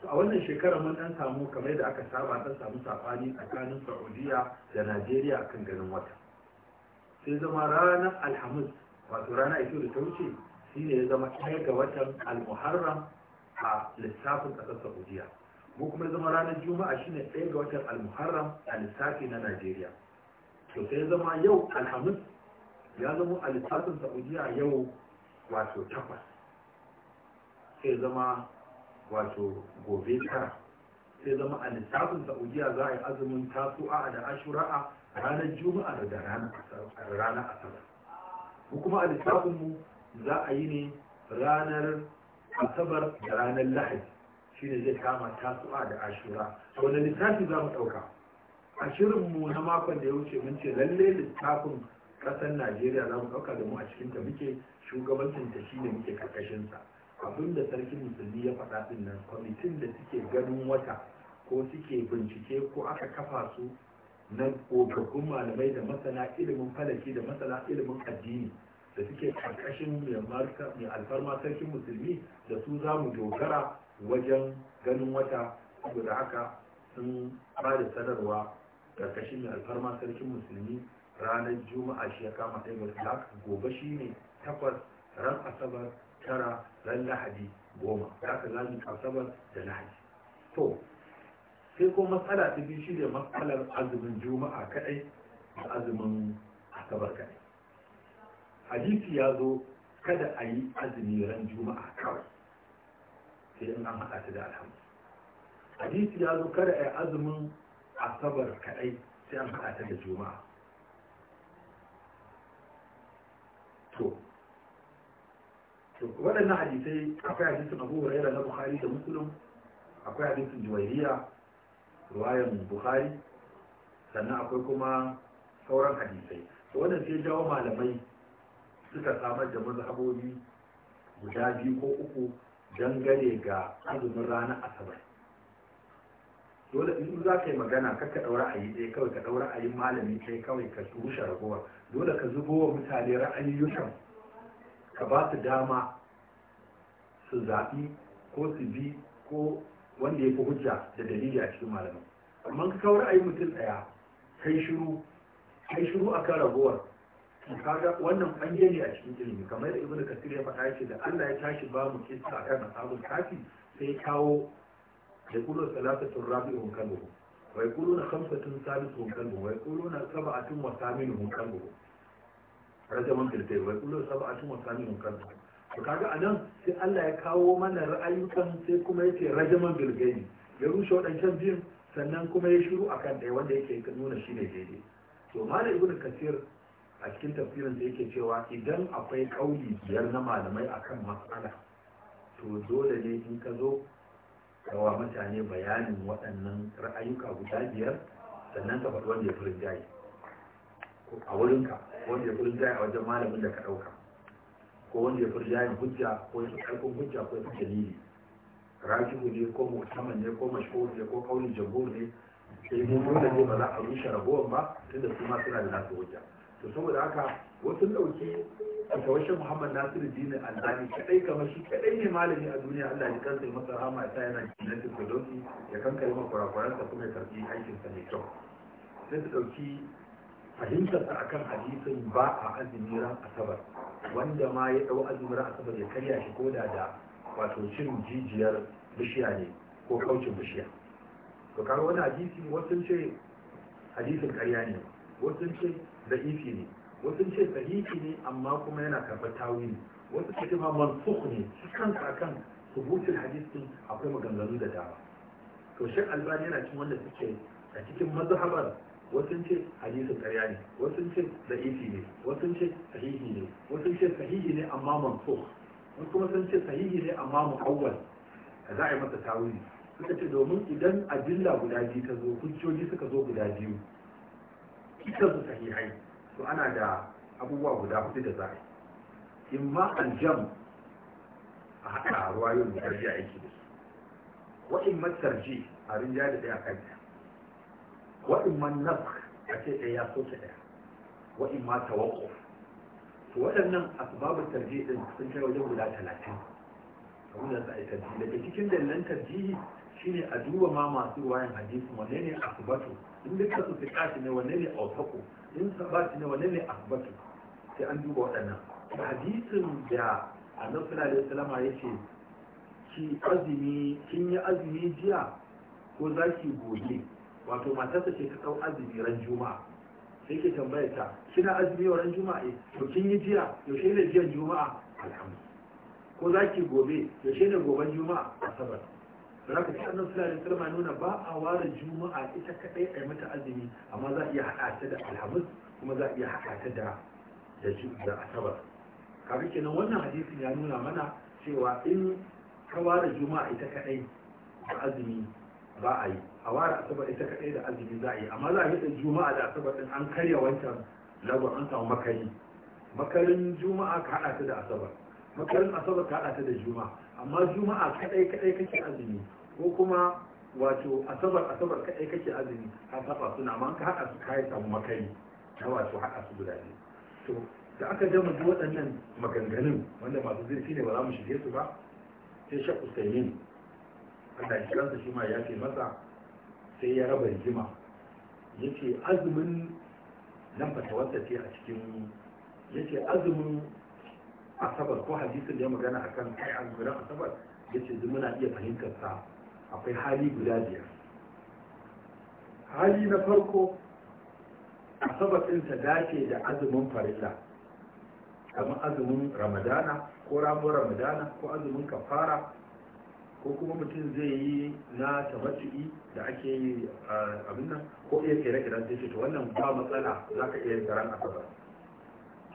a wannan shekarar mun dan samu kamar da aka saba dan samu safani tsakanin saudiya da najeriya kan ganin wata sai zama ranar alhamis wato rana ito da ta wuce shine ya zama ɗaya ga watan almuharram a lissafin ƙasar saudiya mu kuma ya zama ranar juma'a shine ɗaya ga watan almuharram a lissafi na najeriya to sai zama yau alhamis ya zama a lissafin saudiya yau wato takwas sai zama wato gobe ta sai zama a littafin saudiya za a yi azumin tasu'a da ashura'a ranar juma'a da ranar asabar ko kuma a littafin mu za a yi ne ranar asabar da ranar lahadi shine zai kama tasu'a da ashura wanda littafin za mu ɗauka a shirin mu na makon da ya wuce mun ce lalle lissafin ƙasar najeriya za mu ɗauka da mu a cikinta muke shugabancinta shine muke ƙarƙashinsa abinda sarkin musulmi ya faɗa din nan kwamitin da suke ganin wata ko suke bincike ko aka kafa su na ƙogagun malamai da masana ilimin falaki da masana ilimin addini da suke ƙarƙashin mai alfarma sarkin musulmi da su za mu dogara wajen ganin wata saboda haka sun ba da sanarwa ƙarƙashin mai alfarma sarkin musulmi ranar juma'a shi ya kama ɗaya gobe shi ne takwas ran asabar tara ran lahadi goma ya ka zami asabar da lahadi to sai ko matsala ta biyu shi ne matsalar azumin juma'a kaɗai da azumin asabar kaɗai hadisi ya zo kada a yi azumi ran juma'a kawai sai in an haɗa ta da alhamdu hadisi ya zo kada a yi azumin asabar kaɗai sai an haɗa ta da juma'a waɗannan hadisai akwai hadisin abu huraira na Buhari da muslim akwai hadisin juwairiya ruwayan Buhari, sannan akwai kuma sauran hadisai to wannan sai jawo malamai suka samar da mazhabobi guda biyu ko uku dangane ga azumin ranar asabar dole in za ka yi magana kar ka ɗaura ayi ɗaya kawai ka ɗaura ayin malami ɗaya kawai ka rushe ragowar dole ka zubo wa mutane ra'ayoyin ka ba su dama su zaɓi ko su bi ko wanda ya fi hujja da dalili a cikin malamai amma ka kawar ayi mutum ɗaya kai shiru kai shiru akan ragowar kaga wannan bangare a cikin ilimi kamar da ibnu kasir ya faɗa yake da Allah ya tashi ba mu kisa a kan ashabul kafi sai ya kawo ya kulo salatatu rabi'un kalbu wa yaquluna khamsatun salisun kalbu wa yaquluna sab'atun wa thaminun kalbu rajaman filtai wai a sab'atun wa kan kansa to kaga anan sai Allah ya kawo mana ra'ayukan sai kuma yace rajaman bilgaini ya rushe waɗancan biyun sannan kuma ya shiru akan ɗaya wanda yake nuna shi ne daidai to malam ibnu kasir a cikin tafsirin da yake cewa idan akwai kauli biyar na malamai akan matsala to dole ne in ka zo kawa mutane bayanin waɗannan ra'ayuka guda biyar sannan ka faɗi wanda ya fi jayi a wurinka wanda ya fi a wajen malamin da ka ɗauka ko wanda ya fi jayin hujja ko ya fi ƙarfin hujja ko ya fi dalili rajihu ne ko mutumin ne ko mashhur ne ko kaulin jabur ne sai mun nuna ne ba za a rushe ragowar ba da su ma suna da nasu hujja to saboda haka wasu ɗauki a tawashe muhammad nasiru dini albani kadai kamar shi kadai ne malami a duniya allah ya kansa masa rama ya sa yana jinnatin kudosi ya kankare makwarakwaransa kuma ya karfi aikinsa mai kyau sai su ɗauki fahimtarsa akan hadisin ba a azumi ran asabar wanda ma ya dau azumi ran asabar ya karya shi ko da da wato cin jijiyar bishiya ne ko kaucin bishiya to kaga wani hadisi wasu ce hadisin karya ne wasu ce za'ifi ne wasu ce sahihi ne amma kuma yana karɓar tawili wasu ce ma mansukh ne shi kansa akan subutul hadisin akwai maganganu da dama to shek albani yana cin wanda suke a cikin mazhabar wasu ce hadisin karya ne wasu ce da'ifi ne wasu ce sahihi ne wasu ce sahihi ne amma mansukh wasu kuma sun ce sahihi ne amma mu'awwal za a yi masa tawili suka ce domin idan adilla guda biyu ta zo hujjoji suka zo guda biyu ita su sahihai to ana da abubuwa guda hudu da za a yi imma aljam a haɗa ruwayoyin da ya aiki da su wa in ma tarji a rinjaya da ɗaya kanta wa'in man nafk a ce ɗaya ya ta ɗaya wa'in ma tawakkuf to waɗannan asbabun tarjihi ɗin sun kai wajen guda talatin kamar da za a yi tarjihi daga cikin dalilan tarjihi shine a duba ma masu wayan hadisi wanne ne asibatu? in duka su kashi ne wanne ne autaku in sabati ne wanne ne asibatu? sai an duba waɗannan hadisin da annabi sallallahu alaihi wasallam ce, ki azumi kin yi azumi jiya ko za ki gobe wato matarsa ce ta kau azumi ran juma'a sai ke tambayar ta kina azumi ran juma'a eh to kin yi jiya yaushe ne jiyan juma'a alhamdu ko za ki gobe yaushe ne goben juma'a asabar za ka ci annabi sallallahu alaihi wasallam nuna ba a ware juma'a ita kadai a mata azumi amma za a iya haɗa ta da alhamis kuma za a iya haɗa ta da da asabar kaga kenan wannan hadisin ya nuna mana cewa in ka ware juma'a ita kadai da azumi ba a yi a ware asabar ita kaɗai da azumi za a yi amma za a yi juma'a da asabar ɗin an karya wancan lagon an samu makari makarin juma'a ka haɗa ta da asabar makarin asabar ka haɗa ta da juma'a amma juma'a kaɗai kaɗai kake azumi ko kuma wato asabar asabar kaɗai kake azumi ka saba suna amma ka haɗa su kayi samu makari na wato haɗa su guda biyu to da aka gama duk waɗannan maganganun wanda masu zirfi ne ba za mu shige su ba sai shakku sai Allah ya shi ma ya ce masa sai ya raba rigima ya ce azumin nan ba ta ce a cikin ya ce azumin asabar ko hadisin da ya magana a kan kai azumin asabar ya ce muna iya fahimtar sa akwai hali guda biyar hali na farko asabar ɗinsa ta dace da azumin farilla kamar azumin ramadana ko ramuwar ramadana ko azumin kafara ko kuma mutum zai yi na tabattu'i da ake yi abin nan ko iya kere kiran sai ce to wannan ba matsala za ka iya karan asabar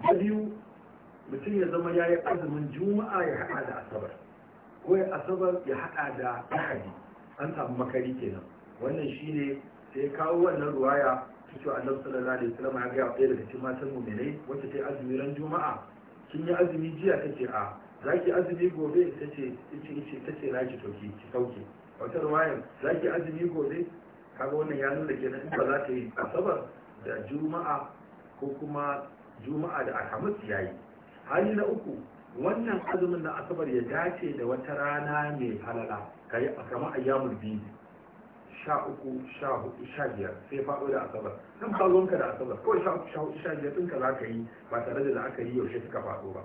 na biyu mutum ya zama ya yi azumin juma'a ya haɗa da asabar ko ya asabar ya haɗa da ahadi an samu makari kenan wannan shi ne sai kawo wannan ruwaya ta ce annabi sallallahu alaihi wasallam ya ga ɗaya daga cikin matan mu'minai wacce ta yi azumi ran juma'a kin yi azumi jiya take a Zaki ki azumi gobe ta ce ta ce na ki ki sauke wata ruwayan za azumi gobe kaga wannan ya nuna kenan ba za ta yi asabar da juma'a ko kuma juma'a da alhamis ya yi hali na uku wannan azumin na asabar ya dace da wata rana mai halala kamar ayyamul biyu sha uku sha hudu sha biyar sai faɗo da asabar nan ba da asabar kawai sha uku sha hudu sha biyar ɗinka za ka yi ba tare da la'akari yaushe suka faɗo ba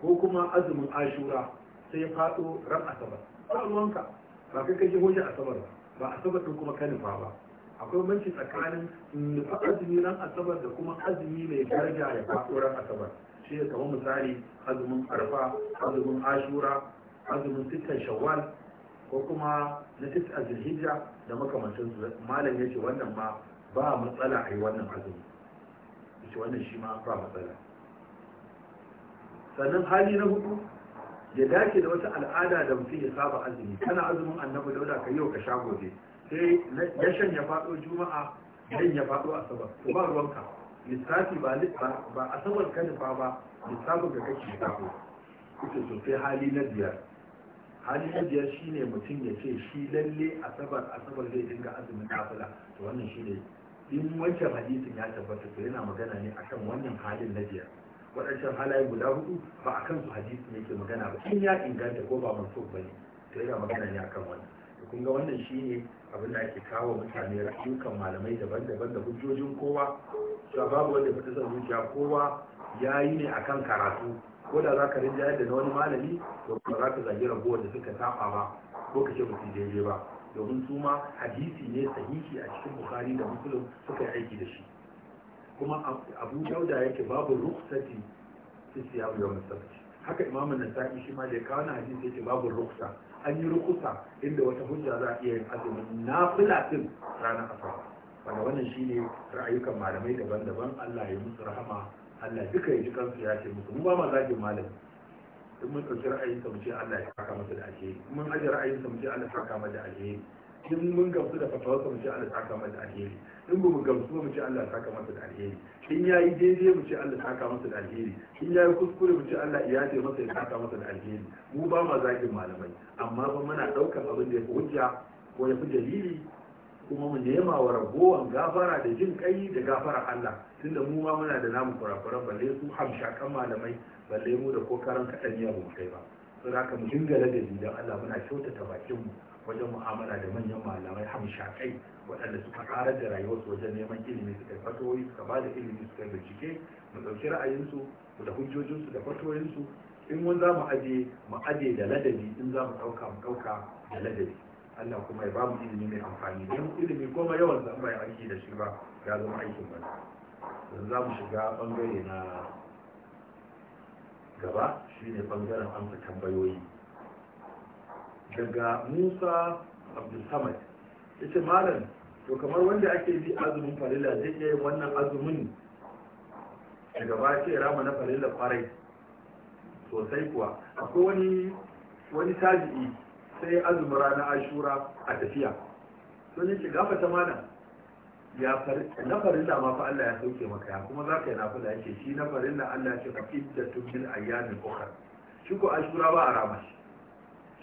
ko kuma azumin ashura sai faɗo ran asabar ba ruwanka ba kai kai hoji asabar ba ba asabar ɗin kuma kanifa ba akwai banci tsakanin nufa azumi ran asabar da kuma azumi mai daraja ya faɗo ran asabar shi ne kamar misali azumin arfa azumin ashura azumin sittan shawwal ko kuma na sittan zulhijja da makamancin su malam ya ce wannan ma ba matsala a yi wannan azumi ya ce wannan shi ma ba matsala sannan hali na hudu ya dace da wata al'ada da mutum ya saba azumi kana azumin annabi dauda ka yau ka sha gobe sai yashan ya faɗo juma'a dan ya faɗo asabar to ba ruwanka lissafi ba ba asabar ka nufa ba lissafi ka kake sabo kuke so sai hali na biyar hali na biyar shine mutum ya ce shi lalle asabar asabar zai dinga azumin kafila to wannan shine in wancan hadisin ya tabbata to yana magana ne akan wannan halin na biyar waɗancan halaye guda hudu ba a kansu hadisi ne ke magana ba in ya inganta ko ba mansu ba ne to yana magana ne akan wannan to kun ga wannan ne abin da ake kawo mutane ra'ayukan malamai daban-daban da hujjojin kowa cewa babu wanda fita zan zuciya kowa ya yi ne akan karatu ko da za ka rinjayar da na wani malami to ba za ka zagi ragowar da suka saba ba ko ka ce ba su daidai ba domin su ma hadisi ne sahihi a cikin bukari da musulun suka yi aiki da shi kuma abu dauda yake babu ruksati fi siyam yawm sabt haka imamu nasa'i shi ma da ya kawo na hadisi yake babu ruksa an yi rukusa inda wata hujja za a iya yin azumin nafila din ranar asabar wanda wannan shine ra'ayukan malamai daban-daban Allah ya musu rahama Allah duka ya ji kansu ya ce musu mu ba ma zagin malami in mun ɗauki ra'ayinsa mu ce Allah ya saka masa da alheri in mun aje ra'ayinsa mu ce Allah ya saka masa da alheri in mun gamsu da fatawarsa mu ce Allah saka masa da alheri in ba mu gamsu mu ce Allah saka masa da alheri in yayi daidai mu ce Allah saka masa da alheri in yayi kuskure mu ce Allah ya ce masa ya saka masa da alheri mu ba ma zakin malamai amma ba muna daukar abin da ya fi hujja ko ya fi dalili kuma mu nema wa ragowar gafara da jin kai da gafara Allah tunda mu ma muna da namu kurakuran balle su hamshakan malamai balle mu da kokarin kaɗan yabo kai ba saboda haka mu dinga ladabi dan Allah muna kyautata bakin mu wajen mu'amala da manyan malamai hamshakai waɗanda suka ƙarar da rayuwarsu wajen neman ilimi suka fatoyi suka ba da ilimi suka bincike mu ɗauki ra'ayinsu mu da hujjojinsu da fatoyinsu in wani za mu aje mu aje da ladabi in za mu ɗauka mu ɗauka da ladabi Allah kuma ya ba mu ilimi mai amfani don ilimi ko ma yawan zan bai aiki da shi ba ya zama aikin ba yanzu za mu shiga ɓangare na gaba shine ɓangaren amsa tambayoyi daga musa abdulsamad ya ce malam to kamar wanda ake bi azumin farilla zai iya yin wannan azumin daga ba ce rama na farilla kwarai sosai kuwa akwai wani wani taji'i sai azumin rana ashura a tafiya sun yi shiga ta mana ya na farilla ma fa Allah ya sauke maka ya kuma za ka yi da yake shi na da Allah ya ce ka fidda tun bil ayyamin ukhra shi ko ashura ba a rama shi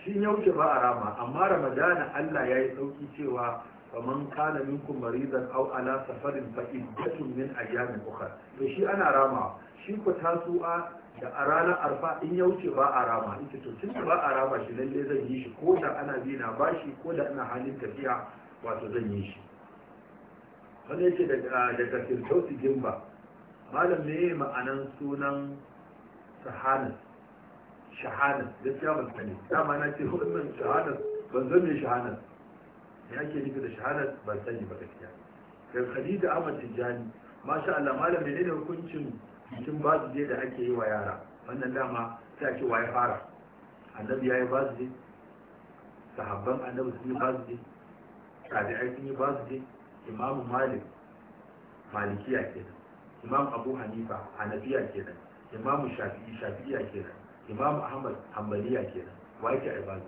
shi ya ba a rama amma ramadana Allah ya yi sauki cewa man kana minkum maridan au ala safarin fa iddatun min ayyamin ukar. to shi ana rama shi ku tasu'a da a ranar arfa in ya wuce ba a rama ita to tun ba a rama shi lalle zan yi shi ko da ana bi na bashi ko da ina halin tafiya wato zan yi shi Wani yake daga firdausi gimba malam ne ma'anan sunan sahanas. shahada gaskiya ban sani dama na ce wannan shahada ban zan mai shahada me ake nufi da shahada ban sani ba gaskiya kai Khadija Ahmad Tijani masha Allah malam da hukuncin bikin bazuje da ake yi wa yara wannan dama sai ce waye fara annabi yayi bazuje sahabban annabi sun yi bazuje tabi'ai sun yi bazuje imamu malik malikiya kenan imam abu hanifa hanafiya kenan imam shafi'i shafi'iya kenan imam ahmad hanbaliya kenan wa yake ibadu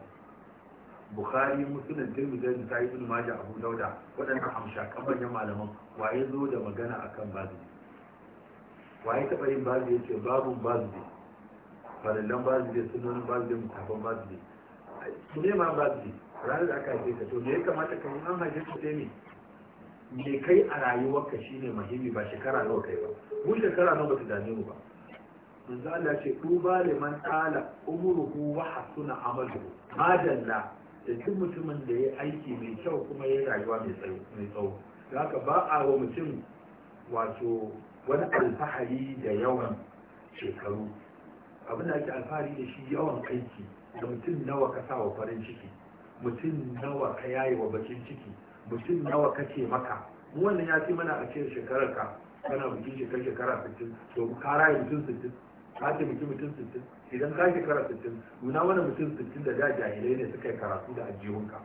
bukhari muslim tirmidhi da ibn majah abu dauda waɗannan amsha kabanyan malaman waye zo da magana akan bazu waye taɓa yin bazu yace babu bazu farallan bazu da sunan bazu da mutafan bazu su ne ma bazu ranar da aka haife to me ya kamata ka yi an haje ka ne me kai a rayuwarka shine muhimmi ba shekara nawa kai ba mu shekara nawa ba ta dame mu ba manzo Allah ce tuba liman qala umruhu wa hasuna amalu madalla da duk mutumin da ya aiki mai kyau kuma ya rayuwa mai tsawo mai tsawo haka ba a wa mutum wato wani alfahari da yawan shekaru abin da ake alfahari da shi yawan aiki da mutum nawa ka sa wa farin ciki mutum nawa ka yaye wa bakin ciki mutum nawa ka ce maka mu wannan ya fi mana a cikin shekarar ka kana bikin shekar shekara 60 to ka rayu mutum 60 ka mutum mutum sittin idan ka shekara sittin muna mana mutum sittin da da jahilai ne suka yi karatu da ajiyunka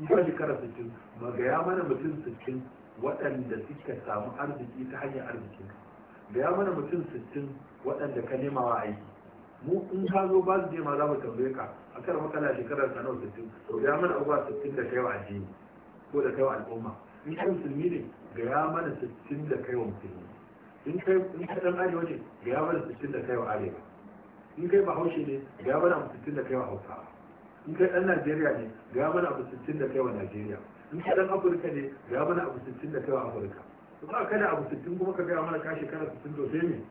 in ka shekara sittin magaya mana mutum sittin waɗanda suka samu arziki ta hanyar arzikinka gaya mana mutum sittin waɗanda ka nema wa aiki mu in ka zo ba su nema za mu tambaye ka a kan makana shekarar ta nawa sittin to gaya mana abubuwa sittin da kai wa ajiyu ko da kai wa al'umma in ka musulmi ne gaya mana sittin da kai wa musulmi in kai in ka dan arewa ne ga ya bada sittin da kai wa arewa in kai bahaushe ne ga ya bada sittin da kai wa Hausa. in kai dan najeriya ne ga ya bada sittin da kai wa najeriya in kai dan afirka ne ga ya bada sittin da kai wa afirka to ba kada abu sittin kuma ka gaya mana ka shekara sittin to sai ne.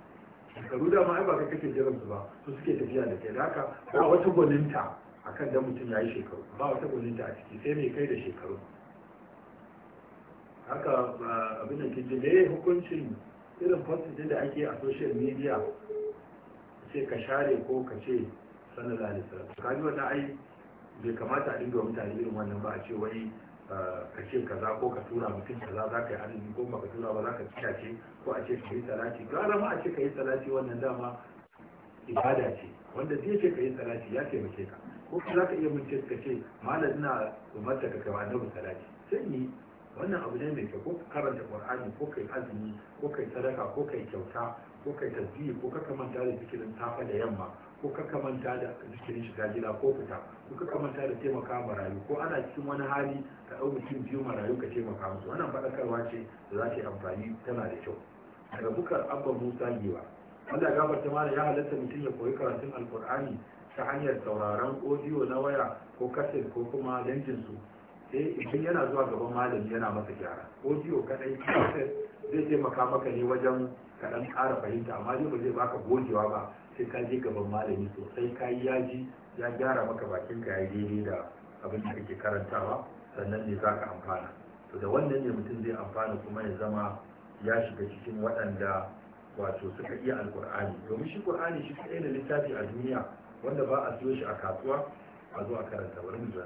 shekaru da ma ai ba ka kake jiran su ba su suke tafiya da kai da haka ba wata gwaninta akan dan mutum ya yi shekaru ba wata gwaninta a ciki sai mai kai da shekaru haka abin da ke jin hukuncin irin fasitin da ake a social media ce ka share ko ka ce sanar da alisar kaji ai bai kamata a dinga mutane irin wannan ba a ce wani ah, ka ce kaza ko ka tura mutum kaza za ka yi azumi ko ba ka tura ba za ka tsaya ce ko a ce ka yi salati gara ma a ce ka yi salati wannan dama ibada ce wanda zai ce ka yi salati ya taimake ka ko za ka iya mutum ka ce malam ina umarta ka kama annabi salati sai yi wannan abu ne mai kyau ko karanta qur'ani ko kai azumi ko kai sadaka ko kai kyauta ko kai tasbihi ko ka manta da zikirin safa da yamma ko ka manta da zikirin shiga gida ko fita ko ka manta da taimaka marayu ko ana cikin wani hali ka ɗau mutum biyu marayu ka taimaka musu wannan faɗakarwa ce da za yi amfani tana da kyau daga bukar abba musa giwa Allah ya gafarta mana ya halatta mutum ya koyi karatun alkur'ani ta hanyar sauraron audio na waya ko kaset ko kuma su eh idan yana zuwa gaban malami yana masa gyara ko jiyo kadai zai taimaka maka ne wajen kaɗan ƙara fahimta amma dai ba zai baka gogewa ba sai ka je gaban malami sosai ka yi yaji ya gyara maka bakin ka ya daidai da abin da kake karantawa sannan ne za ka amfana to da wannan ne mutum zai amfana kuma ya zama ya shiga cikin waɗanda wato suka iya alkur'ani domin shi ƙur'ani shi kaɗai da littafi a duniya wanda ba a siyo shi a kasuwa a zo a karanta wani zuwa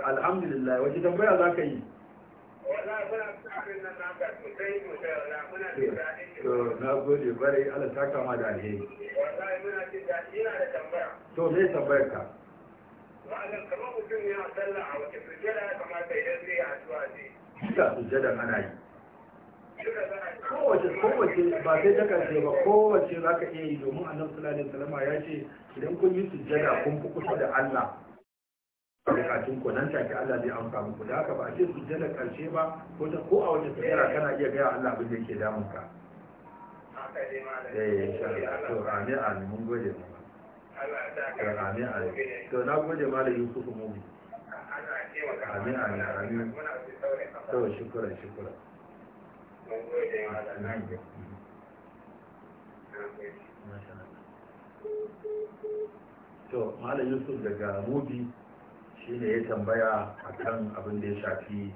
alhamdulillah wace tambaya za ka yi na gode Allah ta kama da alheri to me tambayar ka ma'azin kamar mutum a wace sujjada ya kamata zai zai ana yi kowace kowace ba sai ta karshe ba kowace za ka iya yi domin annabi sallallahu alaihi salama ya ce idan kun yi sujjada kun fi kusa da Allah bukatun ku nan take Allah zai amsa muku da haka ba a ce sujjada karshe ba ko ta ko a wace sujjada kana iya gaya Allah abin da yake damun ka eh to amin amin mun gode mu amin amin to na gode malam Yusuf mu amin amin amin to shukran shukran to malam yusuf daga mubi shi ne ya tambaya a kan abin da ya shafi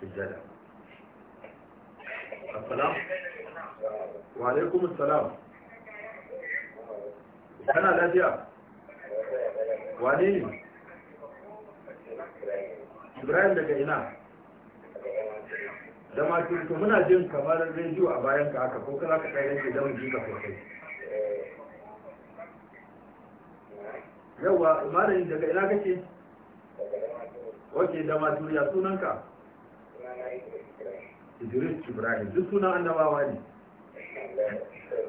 sujjada assalam wa alaikum assalam kana lafiya Wa ne ibrahim daga ina da ke to muna jin kamar rediyo a bayan ka haka ko kana ka kai rediyo da mun ji ka sosai yawa malami daga ina kake wace da sunan sunanka idris ibrahim duk sunan annabawa ne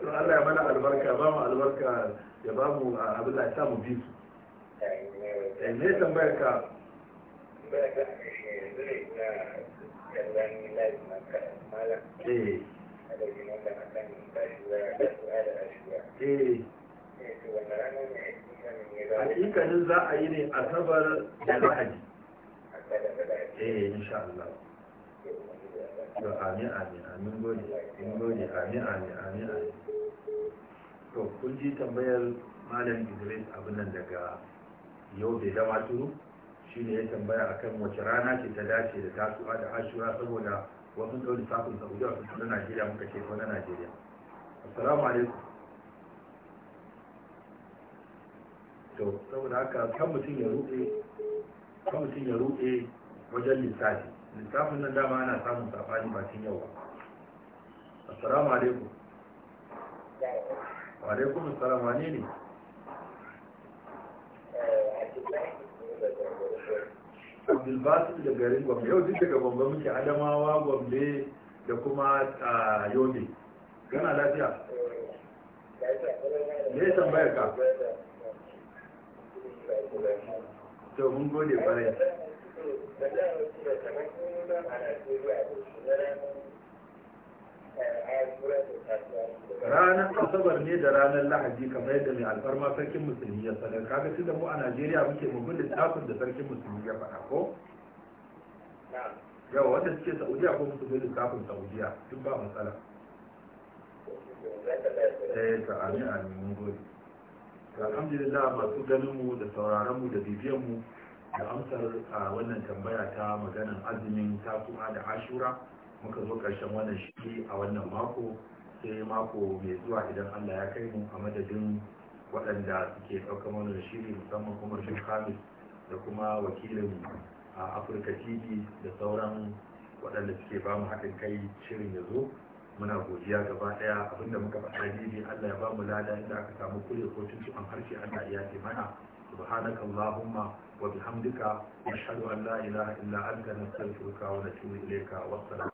to Allah ya mana albarka ba mu albarka ya ba mu abin da ya samu bi su eh, tambayar ka hakikanin za a yi ne asabar da lahadi eh insha Allah to amin amin amin gode amin gode amin amin amin to kun ji tambayar malam Idris abin nan daga yau bai dama turu shine ya tambaya akan wace rana ce ta dace da tasuwa da ashura saboda wasu ɗauri sakon sa guda wasu na najeriya muka ce na najeriya assalamu alaikum to saboda haka kan mutum ya ruɗe kan mutum ya ruɗe wajen lissafi lissafin nan dama ana samun safani bakin yau assalamu alaikum wa alaikum assalam wane ne eh, abdulbasin da garin gwamna yau duk daga gwamna muke adamawa gwamna da kuma yobe gana lafiya ne tambaya ka to mun gode kwarai ranar asabar ne da ranar lahadi kamar yadda mai alfarma sarkin musulmi ya sadar kaga tunda mu a najeriya muke mubin littafin da sarkin musulmi ya faɗa ko yawa wanda suke saudiya ko musu musulmi littafin saudiya duk ba matsala eh ta amin amin mun gode alhamdulillah masu ganin mu da sauraron mu da bibiyan mu da amsar a wannan tambaya ta maganan azumin tasu'a da ashura muka zo ƙarshen wannan shi a wannan mako sai mako mai zuwa idan allah ya kai mu a madadin waɗanda suke ɗaukar wannan shiri musamman kuma shi kamis da kuma wakilin a afirka tv da sauran waɗanda suke ba mu haɗin kai shirin ya zo muna godiya gaba ɗaya abinda muka faɗa ne allah ya ba mu lada inda aka samu kulle ko tuntun harshe allah ya ce mana سبحانك اللهم وبحمدك نشهد أن لا إله إلا أنت نستغفرك ونتوب إليك والسلام